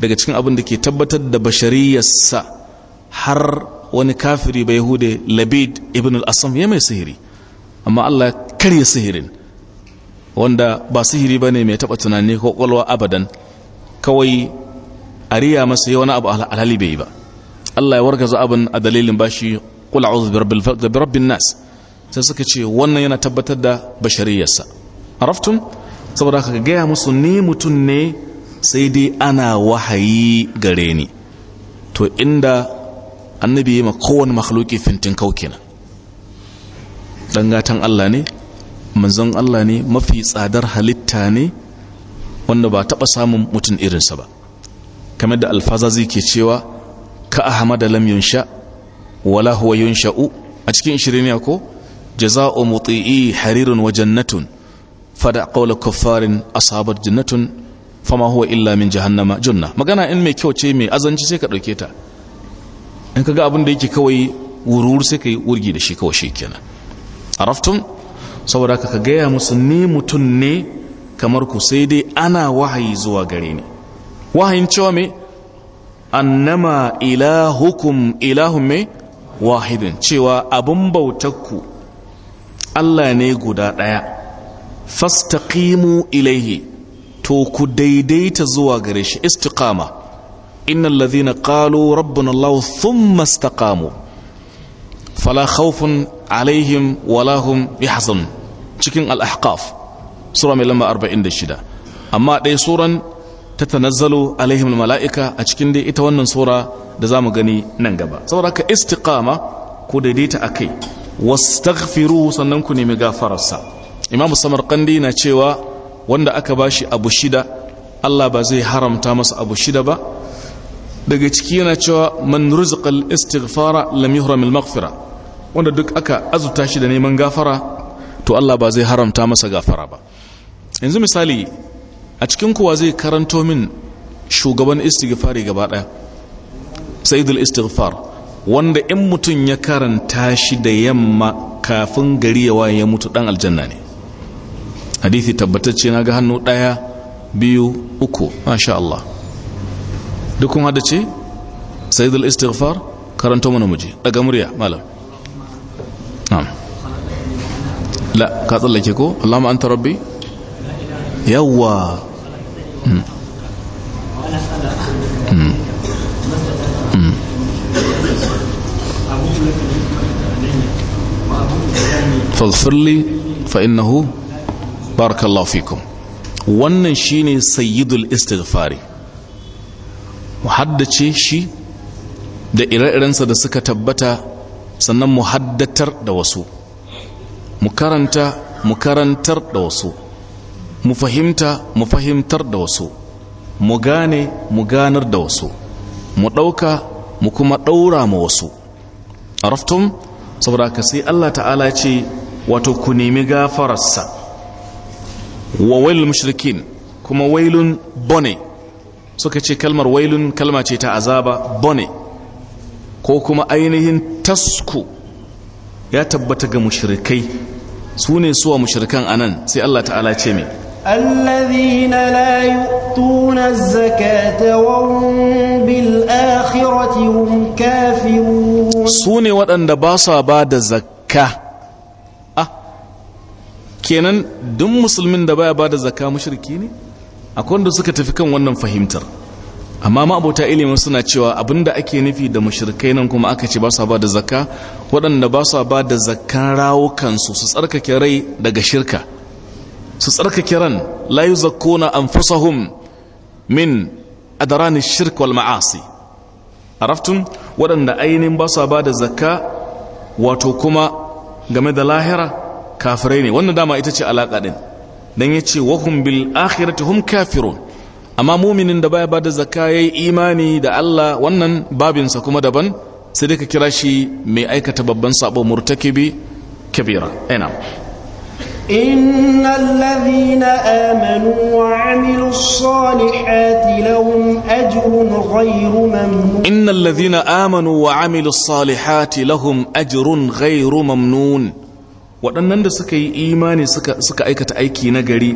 daga cikin abin da ke tabbatar da sa har wani kafiri bai hude labid ibn al-asam ya mai sihiri amma Allah karya sihirin wanda ba sihiri bane mai taba tunani ko kwalwa abadan kawai a riya masa yi wani abu alhali bai yi ba Allah ya wargaza abin a dalilin bashi kula uzu da nas sai suka ce wannan yana tabbatar da bashariyarsa araftun saboda ka gaya musu ni mutum ne sai dai ana wahayi gare ni to inda annabi ya ma kowane makhluki fintin kaukina dan gatan Allah ne manzon Allah ne mafi tsadar halitta ne wanda ba taɓa samun mutum irinsa ba kamar da zai ke cewa ka ahmada lam sha wala huwa yunsha'u a cikin shirinya ko jaza'o muti'i harirun wa jannatun fada qawla kuffarin asabar jannatun fama huwa illa min jahannama junna magana in mai kyau ce mai azanci sai ka ɗauke ta in ka ga abin da yake kawai wurur sai ka yi wurgi da shi kawai kenan araftum saboda ka gaya musu ni mutum ne kamar ku sai dai ana wahayi zuwa gare ni wahayin cewa me annama ilahukum ilahun me wahidin cewa abin bautakku Allah ne guda ɗaya fastaqimu ilaihi to ku daidaita zuwa gare shi istiqama innal ladhina qalu rabbuna Allah thumma istaqamu fala khawfun alaihim wala hum cikin al-ahqaf sura mai lamba 46 amma ɗaya suran ta tanazzalo alaihim mala'ika a cikin dai ita wannan sura da zamu gani nan gaba saboda ka istiqama ku daidaita a wasu wastaghfiru sannan ku nemi gafararsa imam kandi na cewa wanda aka ba shi abu shida Allah ba zai haramta masa abu shida ba daga ciki yana cewa man rizqa istighfara lam yuhram al-maghfira wanda duk aka azuta shi da neman gafara to Allah ba zai haramta masa gafara ba yanzu misali a cikin kuwa zai karanto min shugaban istighfari gaba daya sayyidul istighfar wanda in mutum ya karanta shi da yamma kafin gari ya waye ya mutu dan aljanna ne hadithi tabbatacce na ga hannu daya biyu uku masha Allah dukun hada ce sayyidul istighfar karanto mana muje daga murya malam na'am la ka tsallake ko Allahumma anta rabbi yawwa hmm. hmm. hmm. falfirli fa'innahu barakallahu fikum wannan shine sayyidul istighfari mu haddace shi da ire-irensa da suka tabbata sannan mu haddatar da wasu mu karanta mu karantar da wasu mu fahimta mu fahimtar da wasu mu gane mu ganar da wasu mu ɗauka mu kuma ɗaura ma wasu araftum saboda ka sai Allah ta'ala ce wato ku nemi gafararsa wa wailul mushrikin kuma wailun bone suka ce kalmar wailun kalma ce ta azaba bone ko kuma ainihin tasku ya tabbata ga mushrikai su ne suwa mushrikan anan sai Allah ta'ala ce mai الذين لا يؤتون الزكاة وهم بالآخرة هم كافرون سوني وأن باسا بعد الزكاة أه كينان دم مسلمين دبايا بعد الزكاة مشركين أكون دو سكة فكم ونن fahimtar. amma ma'abota ilimin suna cewa abinda ake nufi da mushrikai nan kuma aka ce ba su ba da zakka waɗanda ba su ba da zakkan rawukansu su tsarkake rai daga shirka su tsarkake ran la yuzakkuna anfusahum min adarani shirk wal ma'asi araftun waɗanda ainihin ba su ba da zakka wato kuma game da lahira kafirai ne wannan dama ita ce alaƙa ɗin don ya ce wahun bil akhirati hum kafirun amma muminin da baya ba da zakka ya yi imani da Allah wannan babinsa kuma daban sai dai ka kira shi mai aikata babban sabo murtakibi kabira ina إن الذين آمنوا وعملوا الصالحات لهم أجر غير ممنون إن الذين آمنوا وعملوا الصالحات لهم أجر غير ممنون waɗannan da suka yi imani suka aikata aiki na gari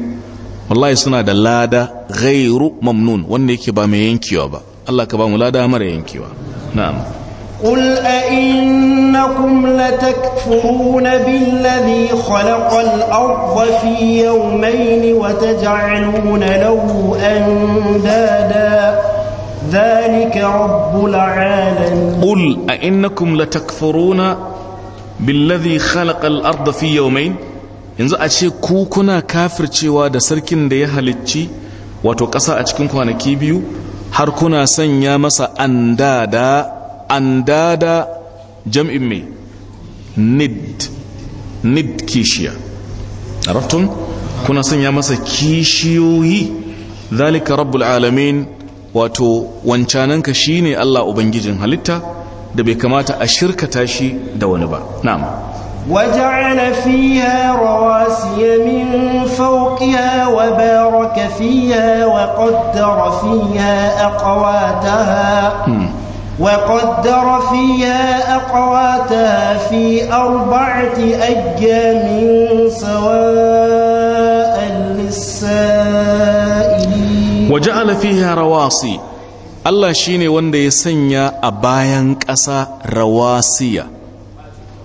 wallahi suna da lada gairu mamnun wanda yake ba mai yankewa ba Allah ka ba mu lada mara yankewa na'am قل أئنكم لتكفرون بالذي خلق الأرض في يومين وتجعلون له أندادا ذلك رب العالمين قل أئنكم لتكفرون بالذي خلق الأرض في يومين yanzu a ce ku kuna kafircewa da sarkin da ya halicci wato ƙasa a cikin kwanaki biyu har kuna sanya masa andada andada jam'in mai nid nid kishiya arabtun kuna sanya masa kishiyoyi zalika rabbul alamin wato wancananka shine Allah ubangijin halitta da bai kamata a shirkata shi da wani ba na'am وجعل فيها wa من فوقها wa فيها وقدر فيها أقواتها hmm. وقدر فيها أقواتها في أربعة أيام سواء للسائلين وجعل فيها رواسي الله شيني وند يسنيا أبايان كسا رواسية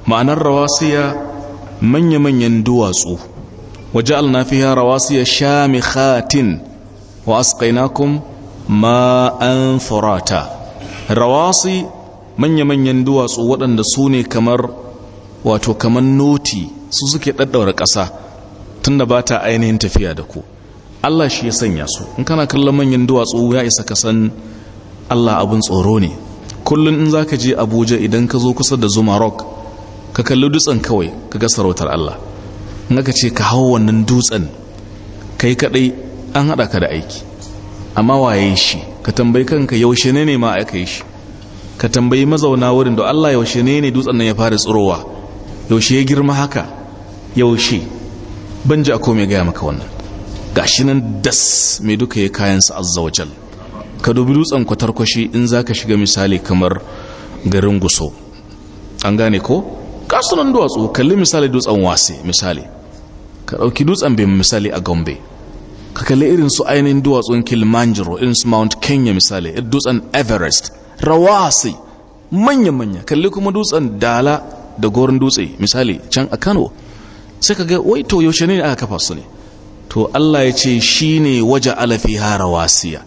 معنى الرواسية من يمن يندوازو وجعلنا فيها رواسية شامخات وأسقيناكم ماء فراتا rawasi manya-manyan duwatsu waɗanda su ne kamar wato kamar noti su suke ɗaɗɗaura ƙasa tunda ba ta ainihin tafiya da ku Allah shi ya sanya su in kana kallon manyan duwatsu ya isa ka san Allah abin tsoro ne kullum in za ka je Abuja idan ka zo kusa da Zuma Rock ka kalli dutsen kawai ka ga sarautar Allah in aka ce ka hau wannan dutsen kai kaɗai an haɗa ka da aiki amma waye shi ka tambayi kanka yaushe ne ne ma aka yi shi ka tambayi mazauna wurin da Allah yaushe ne ne dutsen nan ya fara tsirowa yaushe ya girma haka yaushe ban ji a mai gaya maka wannan gashi nan das mai duka ya kayansa azza wajal ka dubi dutsen kwatarkwashi in za ka shiga misali kamar garin guso an gane ko kasunan duwatsu kalli misali dutsen wase misali ka ɗauki dutsen bai misali a gombe ka kalli irin su ainihin duwatsun kilimanjaro irin su mount kenya misali dutsen everest rawasi manya-manya kalli kuma dutsen dala da gorin dutse misali can a kano sai ka ga wai to yaushe ne aka kafa su ne to allah ya ce shi ne waje alafi harawasiya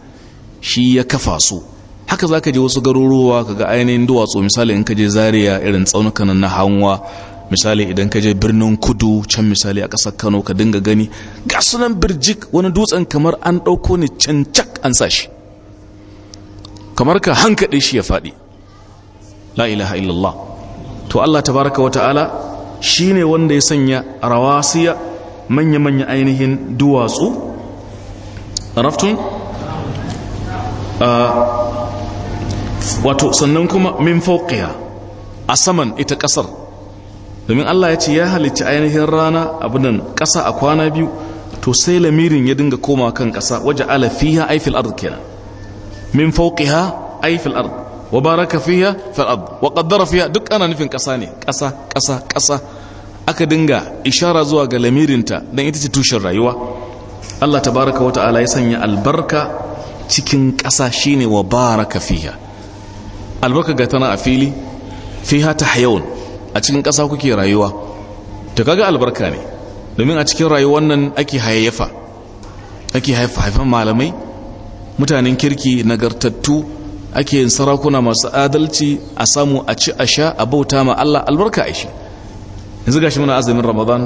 shi ya kafa su haka za ka je wasu garuruwa ka ga ainihin duwatsu misali in ka je zariya irin tsaunukan na hanwa misali idan ka je birnin kudu can misali a ƙasar kano ka dinga gani ga sunan birjik wani dutsen kamar an ɗauko ne cancak an sa shi kamar ka hankaɗe shi ya faɗi la ilaha illallah to allah tabaraka wa ta'ala shi ne wanda ya sanya rawasiya manya-manya ainihin duwatsu raftun ah, wato sannan kuma min fauqiya a saman ita ƙasar domin Allah ya ce ya halicci ainihin rana abinan ƙasa a kwana biyu to sai lamirin ya dinga koma kan ƙasa waje ala fiha ard kenan min fawqiha ay ard wa baraka fiha fil ard wa qaddara fiha duk ana nufin ƙasa ne ƙasa ƙasa ƙasa aka dinga ishara zuwa ga lamirinta dan ita ce tushen rayuwa Allah baraka wa ta'ala ya sanya albarka cikin ƙasa shine wa baraka fiha albarka ga tana a fili fiha tahyawun a cikin ƙasa kuke rayuwa ta kaga albarka ne domin a cikin rayuwar nan ake hayayyafa ake haifa haifan malamai mutanen kirki nagartattu ake yin sarakuna masu adalci a samu a ci a sha a bauta ma Allah albarka a shi yanzu gashi muna azumin ramadan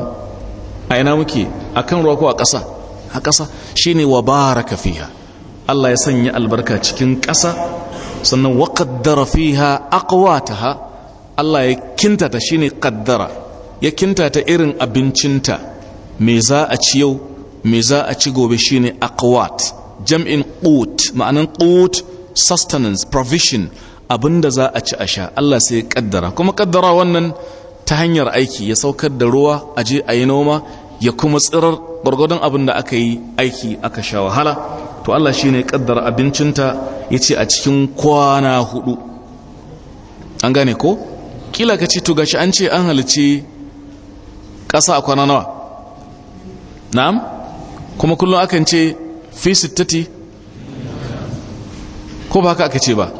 a ina muke a kan ruwa ko a ƙasa a ƙasa shine wa baraka fiha Allah ya sanya albarka cikin ƙasa sannan wa ƙaddara fiha aqwataha Allah ya kintata shine kaddara ya kintata irin abincinta me za a ci yau me za a ci gobe shine aqwat jam'in qut ma'anan qut sustenance provision abinda za a ci a sha Allah sai ya kaddara kuma kaddara wannan ta hanyar aiki ya saukar da ruwa a je a yi noma ya kuma tsirar gwargwadon abin da aka yi aiki aka sha wahala to Allah shine ya kaddara abincinta ya ce a cikin kwana hudu an gane ko kila ka ce to gashi an ce an halici ƙasa a kwana nawa na'am kuma kullum akan ce fi sittati ko ba haka aka ce ba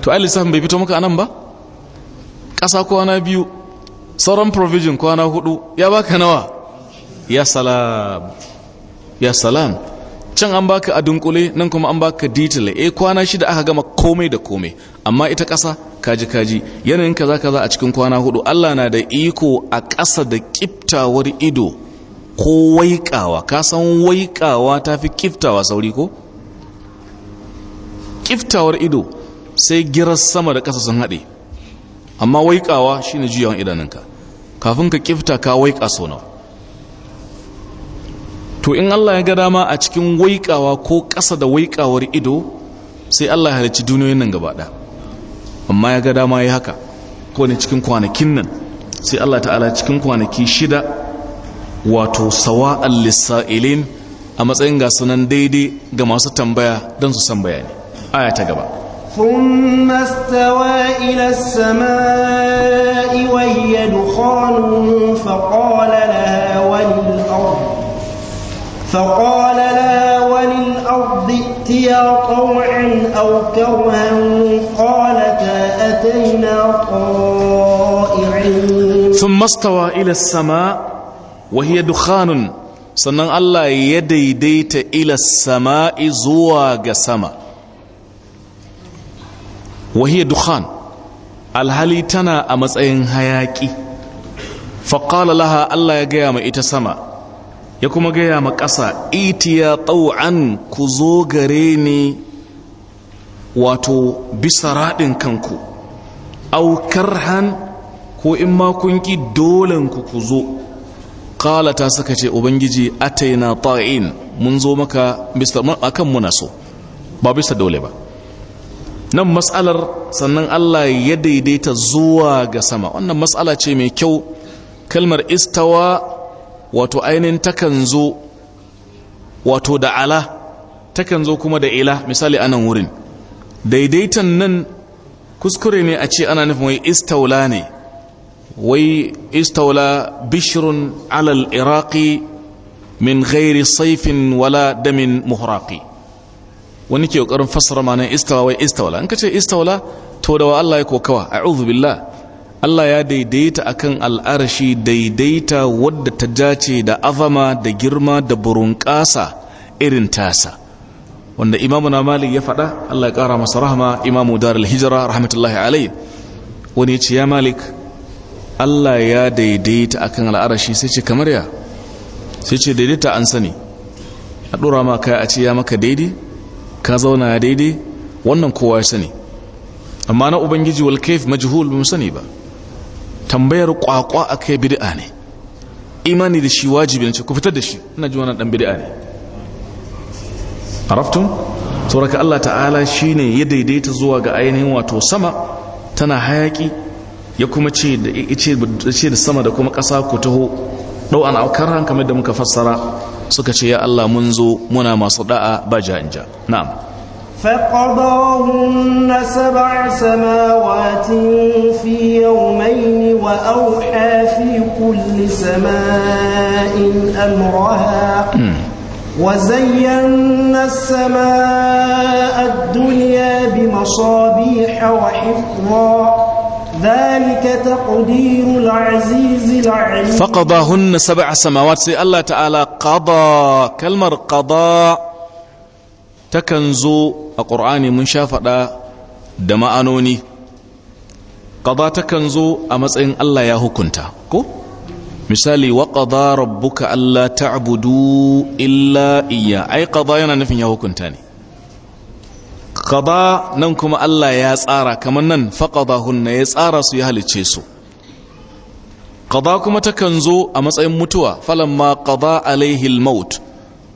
to ai lissafin bai fito muka anan ba ƙasa kwana biyu sauran provision kwana hudu ya baka nawa ya salam ya salam can an baka a dunkule nan kuma an baka detail eh kwana shida aka gama komai da komai amma ita ƙasa kaji kaji yanayin kaza kaza a cikin kwana hudu Allah na da iko a ƙasa da kiftawar ido ko waikawa ka san waikawa ta fi kiftawa sauri ko kiftawar ido sai girar sama da ƙasa sun haɗe amma waikawa shine juyawan idanunka kafin ka kifta ka waika sau to in Allah ya ga dama a cikin waikawa ko ƙasa da waikawar ido sai Allah ya halarci duniyoyin nan gaba amma ya ga dama ya haka ko ne cikin kwanakin nan sai Allah ta'ala cikin kwanaki shida wato Sawa allisa ilin a matsayin nan daidai ga masu tambaya don su san bayani aya ta gaba ثم فقال لا وللأرض ائتيا طوعا أو كرها قالتا أتينا طائعين ثم استوى إلى السماء وهي دخان sannan Allah ya daidaita ila sama'i zuwa ga sama wahiyar dukhan alhali tana a matsayin hayaƙi faƙala Allah ya gaya ma ita sama ya kuma gaya ma ƙasa itiya ɗau'an ku zo gare ni wato bisa raɗin kanku aukar han ko in ma kun ƙi dolen ku ku zo ta suka ce ubangiji ataina ta'in mun zo maka a kan muna so ba bisa dole ba nan matsalar sannan Allah ya daidaita zuwa ga sama wannan matsala ce mai kyau kalmar istawa wato ainihin takan zo wato da ala takan zo kuma da ila misali anan wurin daidaitan nan kuskure ne a ce ana nufin wai istaula ne wai istaula bishirun alal iraqi min ghairi saifin wala damin muhraqi wani ke ƙoƙarin fassara ma'anar istawa wai istaula in ka ce istaula to da wa Allah ya kokawa a'udhu billah Allah ya daidaita akan al'arashi daidaita wadda ta jace da azama da girma da burunƙasa irin tasa wanda imamu na malik ya faɗa Allah ya ƙara masa rahama imamu darul hijira rahmatullahi alai wani ce ya malik Allah ya daidaita akan al'arashi sai ce kamar ya sai ce daidaita an sani a ɗora ma kai a ce ya maka daidai ka zauna daidai wannan kowa ya sani amma na ubangiji wal kaif majhul ba mu sani ba tambayar kwakwa a kai bid'a ne imani da shi wajibi ne ku fitar da shi ina ji wannan dan bid'a ne araftum sauraka Allah ta'ala shine ya daidaita zuwa ga ainihin wato sama tana hayaki ya kuma ce da ce da sama da kuma ƙasa ku taho dau an aukar hankali da muka fassara suka ce ya Allah mun zo muna masu da'a ba ja'inja na'am فقضاهن سبع سماوات في يومين وأوحى في كل سماء أمرها وزينا السماء الدنيا بمصابيح وحفظا ذلك تقدير العزيز العليم فقضاهن سبع سماوات سي الله تعالى قضى كلمة قضاء تكنزو a ƙur'ani mun sha faɗa da ma'anoni ƙaza takan zo a matsayin Allah ya hukunta ko misali wa ƙaza rabbuka Allah abudu illa iya ai ƙaza yana nufin ya hukunta ne ƙaza nan kuma Allah ya tsara kamar nan hunna ya tsara su ya halice su ƙaza kuma takan zo a matsayin mutuwa falamma ƙaza alaihi maut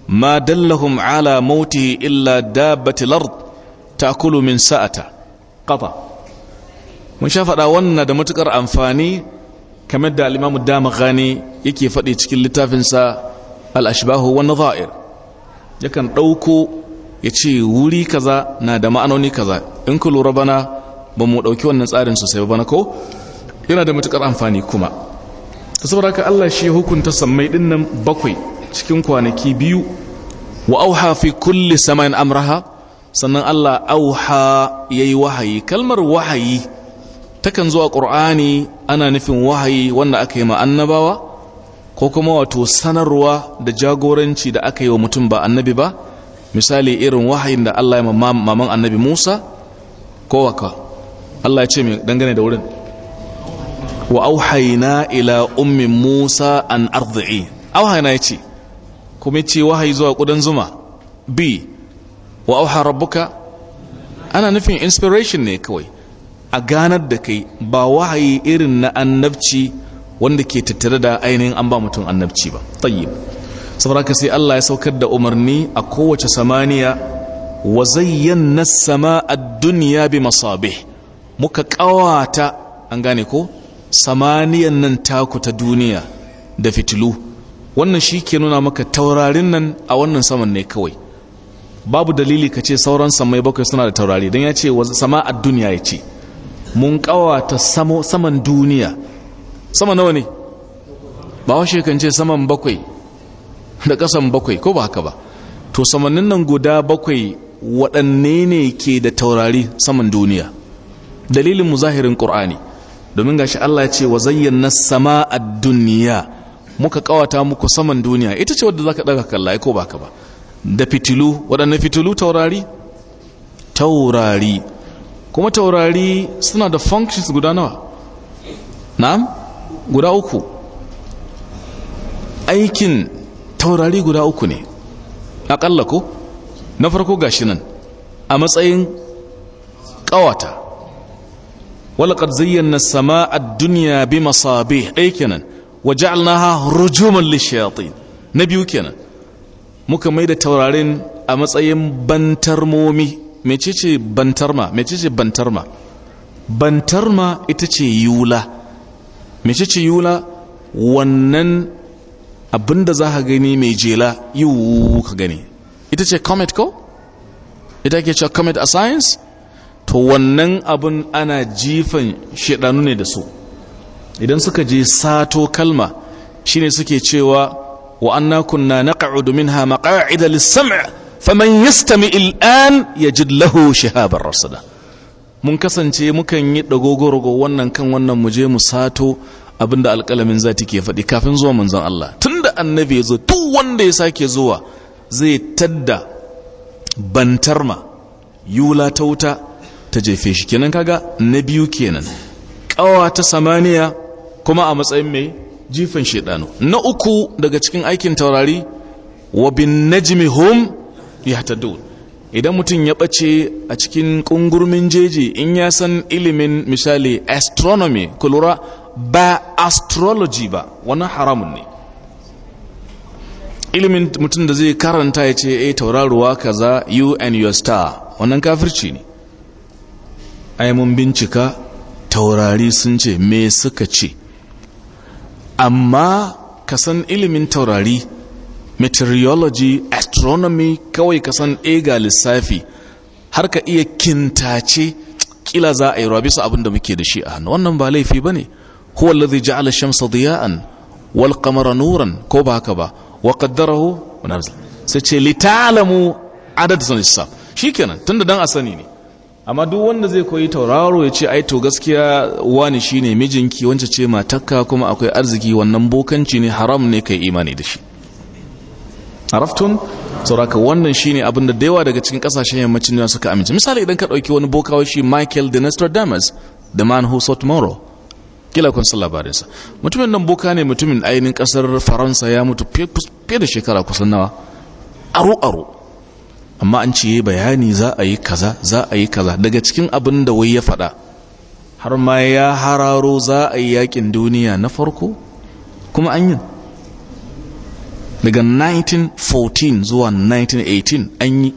Ma dallahum على موته illa دابة الأرض تأكل من mun sha faɗa wannan da matuƙar amfani kamar da alimamu dama gani yake faɗi cikin littafinsa al'ashibahu wani za'ir yakan ɗauko ya ce wuri kaza na da ma'anoni kaza in ku lura bana ba mu ɗauki wannan tsarin sosai ba bana ko yana da matuƙar amfani kuma saboda haka allah shi hukunta sammai ɗinnan bakwai cikin kwanaki biyu wa auha fi kulli samain amraha sannan Allah auha yayi wahayi kalmar wahayi takan zuwa ƙur'ani ana nufin wahayi wanda aka yi ma annabawa ko kuma wato sanarwa da jagoranci da aka yi wa mutum ba annabi ba misali irin wahayin da Allah ya maman annabi Musa ko waka Allah ya ce mai dangane da wurin wa auhayna ila ummi Musa an arzi'i auhayna ya ce kuma ce wahayi zuwa kudan zuma b wa auha rabbuka ana nufin inspiration ne kawai a ganar da kai ba wahayi irin na annabci wanda ke tattare da ainihin an ba mutum annabci ba tayyib saboda sai Allah ya saukar da umarni a kowace samaniya wa zayyana samaa ad-dunya bi masabih muka kawata an gane ko samaniyan nan taku ta duniya da fitilu wannan shi ke nuna maka taurarin nan a wannan saman ne kawai babu dalili ka ce sauran samai bakwai suna da taurari don ya ce sama a duniya ya ce mun kawata saman duniya sama nawa ne ba washe kan ce saman bakwai da kasan bakwai ko ba haka ba to samanin nan guda bakwai waɗanne ne ke da taurari saman duniya dalilin mu zahirin ƙur'ani domin ga shi Allah ya ce wa zayyana sama a duniya muka kawata muku saman duniya ita ce wadda ka daga kalla ko baka ba da fitilu waɗanne fitilu taurari taurari kuma taurari suna da functions guda nawa na'am guda uku aikin taurari guda uku ne akalla ko na farko gashi nan a matsayin kawata walaqad zayyana sama a ad-dunya bi masabih ɗaya kenan wa al'aha rujuman lishayatin na biyu kenan muka mai da taurarin a matsayin bantarmomi mecece bantarma mecece bantarma bantarma ita ce yula mecece yula wannan abinda za ka gani mai jela yiwu ka gani ita ce comet ko ita ke cewa comet a science to wannan abin ana jifan shidanu ne da su idan suka je sato kalma shine suke cewa wa anna kunna naq'udu minha maq'ida lis-sam' faman yastami al-an yajid lahu shihaban rasada mun kasance mukan yi dagogorogo wannan kan wannan muje mu sato abinda alƙalamin zati ke faɗi kafin zuwa manzon Allah tunda annabi ya zo duk wanda ya sake zuwa zai tadda bantarma yula ta wuta ta jefe shi kenan kaga na biyu kenan ƙawa ta samaniya kuma a matsayin mai jifan shaidanu na uku daga cikin aikin taurari wa bin najmi hum yahtadun idan mutum ya bace a cikin kungurmin jeji in ya san ilimin misali astronomy kulura ba astrology ba wannan haramun ne ilimin mutum da zai karanta ya ce eh tauraruwa kaza you and your star wannan kafirci ne ai mun bincika taurari sun ce me suka ce amma ka san ilimin taurari meteorology astronomy kawai ka san ega eh lissafi har ka iya kintace kila za a yi rabi su abin da muke da shi a hannu wannan ba laifi ba ne huwa alladhi ja'ala shamsa diya'an wal qamara nuran ko ba haka ba wa qaddarahu sai ce litalamu adad sun lissaf shikenan tunda dan a sani ne amma duk wanda zai koyi tauraro ya ce ai to gaskiya wani shine mijinki wance ce matakka kuma akwai arziki wannan bokanci ne haram ne kai imani da shi araftun sauraka wannan shine abin da yawa daga cikin kasashen yammacin duniya suka amince misali idan ka dauki wani bokawa shi Michael de Nostradamus the man who saw tomorrow kila kun san labarinsa mutumin nan boka ne mutumin ainihin kasar Faransa ya mutu fiye da shekara kusan nawa aro aro amma an ce bayani za a yi kaza za a yi kaza daga cikin abin da wai ya faɗa har ma ya hararo za a yi yakin duniya na farko kuma an yi daga 1914 zuwa 1918 an yi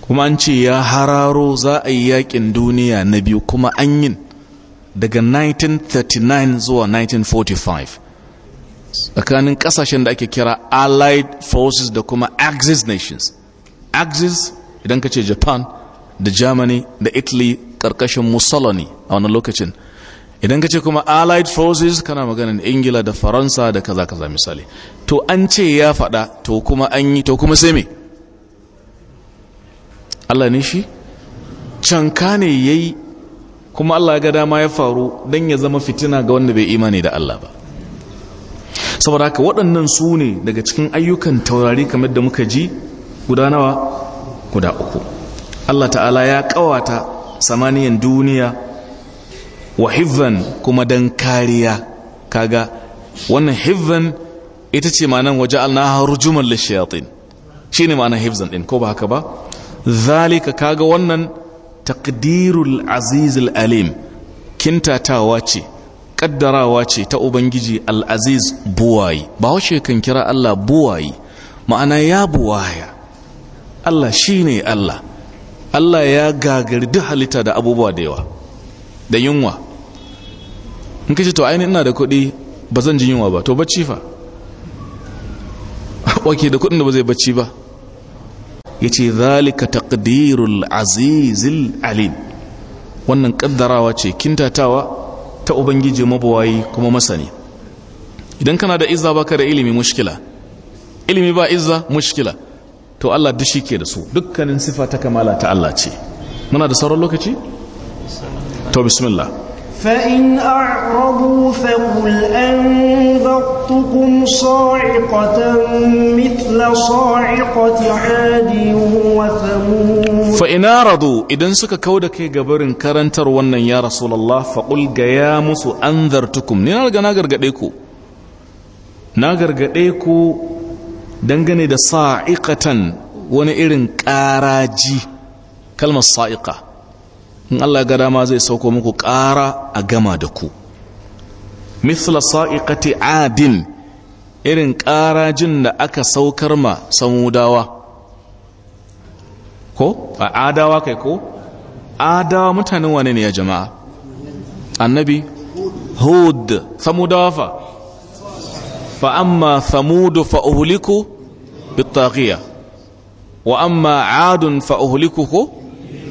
kuma an ce ya hararo za a yi yakin duniya na biyu kuma an yi daga 1939 zuwa 1945 tsakanin kasashen da ake kira allied forces da kuma axis nations axis idan ka ce japan da germany da italy karkashin mussolini a wani lokacin idan ka ce kuma allied forces kana maganin ingila da faransa da kaza kaza misali to an ce ya faɗa to kuma an yi to kuma sai me allah ne shi canka ne ya yi kuma allah ga dama ya faru don ya zama fitina ga wanda bai imani da allah ba saboda haka waɗannan su ne daga cikin ayyukan taurari kamar da muka ji guda nawa guda uku Allah ta'ala ya kawata samaniyan duniya wa hivan kuma dan kariya kaga wannan hivan ita ce manan waje alnaha rujuman lishayatin shi ne manan hifzan din ko ba haka ba zalika kaga wannan takdirul azizul alim kintatawa ce kaddarawa ce ta ubangiji al'aziz buwayi ba washe kan kira Allah buwayi ma'ana ya buwaya Allah shi ne Allah Allah ya gagari duk halitta da abubuwa da yawa da yunwa in kace to ainihin ina da kuɗi ba zan ji yunwa ba to bacci fa wake da kuɗin da ba zai bacci ba yace zalika taqdirul azizil alim wannan kaddarawa ce kintatawa ta ubangiji mabuwayi, kuma masani idan kana da izza baka da ilimi mushkila ilimi ba izza mushkila to Allah duk ke da su dukkanin sifa ta kamala ta Allah ce muna da sauran lokaci to bismillah fa in a'radu fa qul anzaqtukum sa'iqatan mithla sa'iqati 'adi wa thamud fa in a'radu idan suka kauda kai gabarin karantar wannan ya rasulullah fa qul ya musu anzartukum ni na gargade ku na gargade ku dangane da sa'iqatan wani irin ƙaraji kalmar sa'iqa in Allah ga dama zai sauko muku ƙara a gama da ku mithla sa'iqati adin irin ƙarajin da aka saukar ma samudawa ko a adawa kai ko adawa mutanen wane ne ya jama'a annabi hud samudawa fa fa amma thamudu fa uhliku bitaghiya wa amma aadun fa uhlikuhu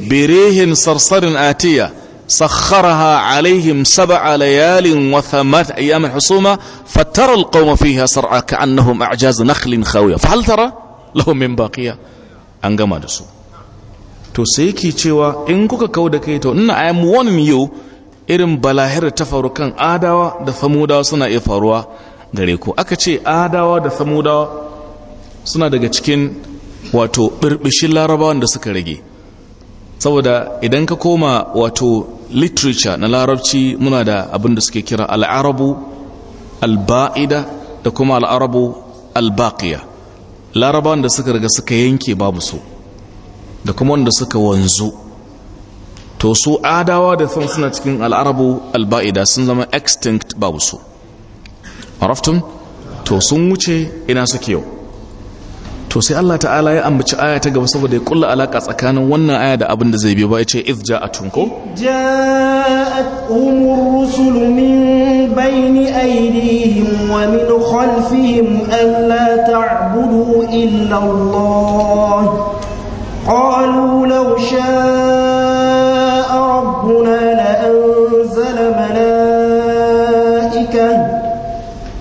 birihin sarsarin atiya sakharaha alayhim sab'a layalin wa thamat ayyam husuma fatara alqawma fiha sar'a ka'annahum a'jaz nakhlin khawiya fahal tara lahum min baqiya angama dasu to sai ki cewa in kuka kauda kai to ina i am warning you irin faru kan adawa da famudawa suna iya faruwa. gare ku aka ce adawa da samudawa suna daga cikin wato birbishin larabawan da suka rage saboda idan ka koma wato literature na larabci muna da abin da suke kira al'arabu alba'ida da kuma al'arabu albaqiya larabawan da suka riga suka yanke babu su da kuma wanda suka wanzu to su adawa da sun suna cikin al'arabu alba'ida sun zama extinct babu su maraftun to sun wuce ina suke yau to sai Allah ta'ala ya ambaci aya ta gaba saboda ya kulla alaka tsakanin wannan aya da abin da zai biyo ba ya ce iz ja'atun ko ja'at umur rusul min bayni aydihim wa min khalfihim alla ta'budu illa Allah qalu law sha'a rabbuna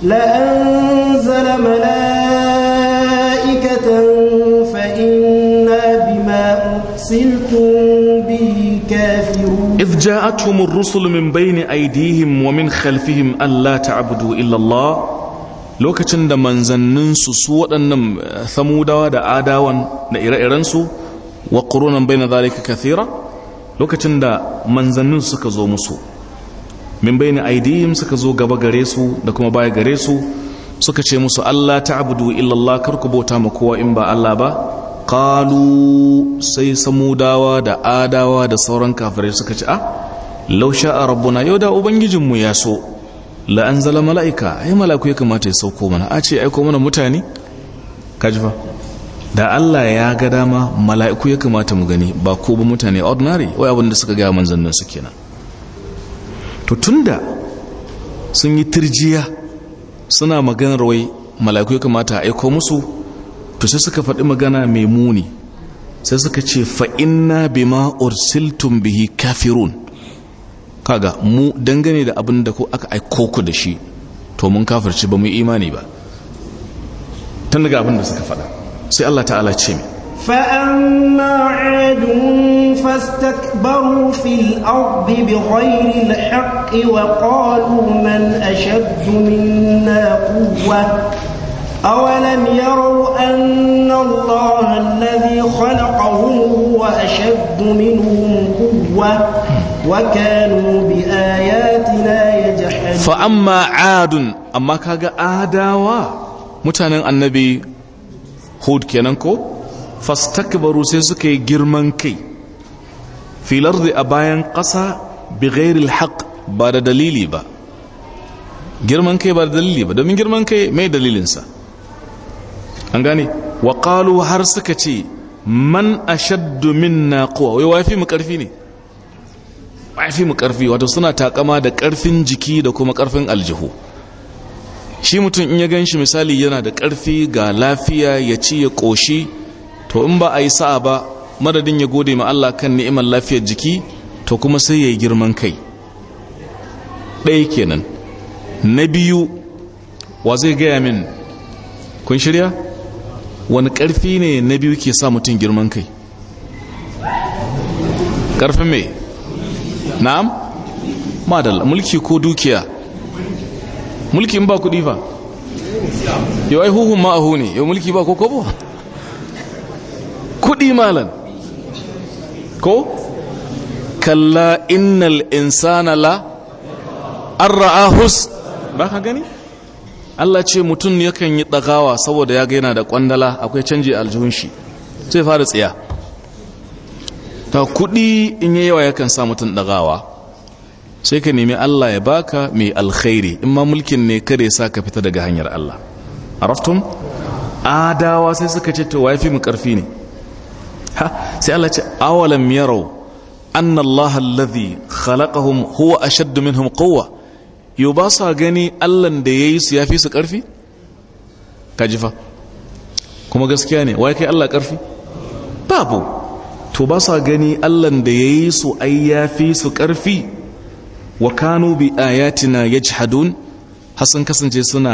لأنزل ملائكة فإنا بما أرسلتم به كافرون إذ جاءتهم الرسل من بين أيديهم ومن خلفهم ألا تعبدوا إلا الله lokacin da manzanninsu su waɗannan samudawa da adawan da ire-irensu wa ƙoronan bai na zalika kathira lokacin da manzannin suka zo musu min bayni aidihim suka zo gaba gare su da kuma baya gare su suka ce musu Allah ta'budu illa Allah kar ku bauta ma kowa in ba Allah ba qalu sai samudawa da adawa da sauran kafirai suka ce ah law sha'a rabbuna yau da ubangijinmu ya so la anzala mala'ika ai malaku ya kamata ya sauko mana a ce aiko mana mutane kajfa da Allah ya ga dama mala'iku ya kamata mu gani ba ko ba mutane ordinary wai abin da suka ga manzannin su kenan to tunda sun yi tirjiya suna maganar wai malakai kamata a aiko musu to sai suka faɗi magana mai muni sai suka ce fa'inna bima siltun bihi kafirun kaga mu dangane da abin da ko aka aiko ku da shi to mun kafirci ba mu imani ba tun daga abin da suka faɗa sai Allah ta'ala ce mai فأما عاد فاستكبروا في الأرض بغير الحق وقالوا من أشد منا قوة أولم يروا أن الله الذي خلقهم هو أشد منهم قوة وكانوا بآياتنا يجحدون فأما عاد أما كاغا آداوا متانا النبي هود كينانكو fastakbaru sai suka yi girman kai filar a bayan ƙasa bighairil haƙ ba da dalili ba girman kai ba da dalili ba domin girman kai mai dalilinsa an gane wa qalu har suka ce man ashaddu minna quwa wai wafi mu karfi ne wafi mu karfi wato suna takama da karfin jiki da kuma karfin aljihu shi mutum in ya ganshi misali yana da karfi ga lafiya ya ci ya koshi to in ba a yi sa'a ba madadin ya gode ma Allah kan ni'imar lafiyar jiki to kuma sai ya yi girman kai ɗaya kenan na biyu wa zai gaya min kun shirya wani ƙarfi ne na biyu ke sa mutum girman kai ƙarfin mai na'am madal mulki ko dukiya mulki in ba kuɗi ba yau ai huhun ma'ahu ne yau mulki ba ko kobo kudi malan ko kalla innal insana la arrahus ba ka gani Allah ce mutum yakan yi ɗagawa saboda ya yana da ƙwandala akwai canji aljihun shi sai fara tsiya ta kuɗi in yi yawa yakan sa mutum ɗagawa sai ka nemi Allah ya baka mai alkhairi in ma mulkin ne kare sa ka fita daga hanyar Allah araftum adawa sai suka ce to wafi mu ƙarfi ne ha sai Allah ce awalam yarau anna Allah alladhi khalaqahum huwa ashaddu minhum quwwa yubasa gani Allah da yayi su yafi su karfi kajifa kuma gaskiya ne wai kai Allah karfi babu to ba sa gani Allah da yayi su ai yafi su karfi wa kanu bi ayatina yajhadun hasan kasance suna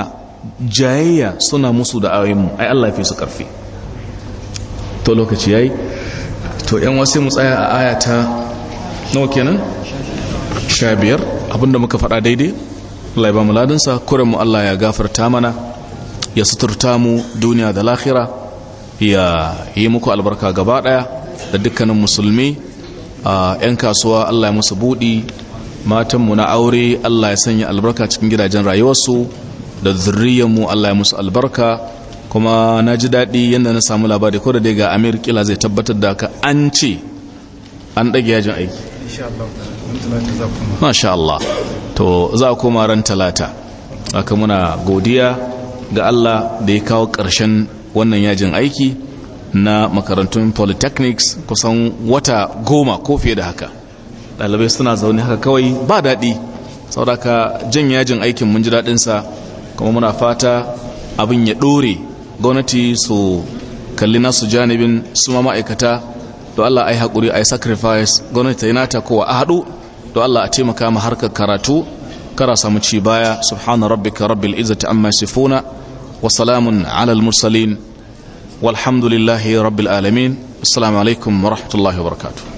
jayayya suna musu da ayoyinmu ai Allah yafi su karfi to lokaci yayi to yan wasu mu tsaya a ayata nawa kenan sha biyar abinda muka faɗa daidai laiba muladinsa ba mu kuren mu Allah ya gafarta mana ya suturta mu duniya da lahira ya yi muku albarka gaba ɗaya da dukkanin musulmi a 'yan kasuwa Allah ya musu buɗi matanmu na aure Allah ya sanya albarka cikin gidajen rayuwarsu da zurriyanmu Allah ya musu albarka kuma na ji daɗi yadda na samu labari ko da dai ga amir kila zai tabbatar da ka an ce an ɗage yajin aiki masha Allah to za a koma ran talata aka muna godiya ga Allah da ya kawo ƙarshen wannan yajin aiki na makarantun polytechnics kusan wata goma ko fiye da haka ɗalibai suna zaune haka kawai ba daɗi sauraka jan yajin aikin mun ji daɗinsa kuma muna fata abin ya ɗore gwamnati su kalli nasu janibin su ma ma'aikata to Allah ai haƙuri ai sacrifice gwamnati ta yi nata kowa a haɗu to Allah a taimaka ma harkar karatu kara samu ci baya subhana rabbika rabbil izzati amma sifuna wa salamun alal mursalin walhamdulillahi rabbil alamin assalamu alaikum wa rahmatullahi wa barakatuh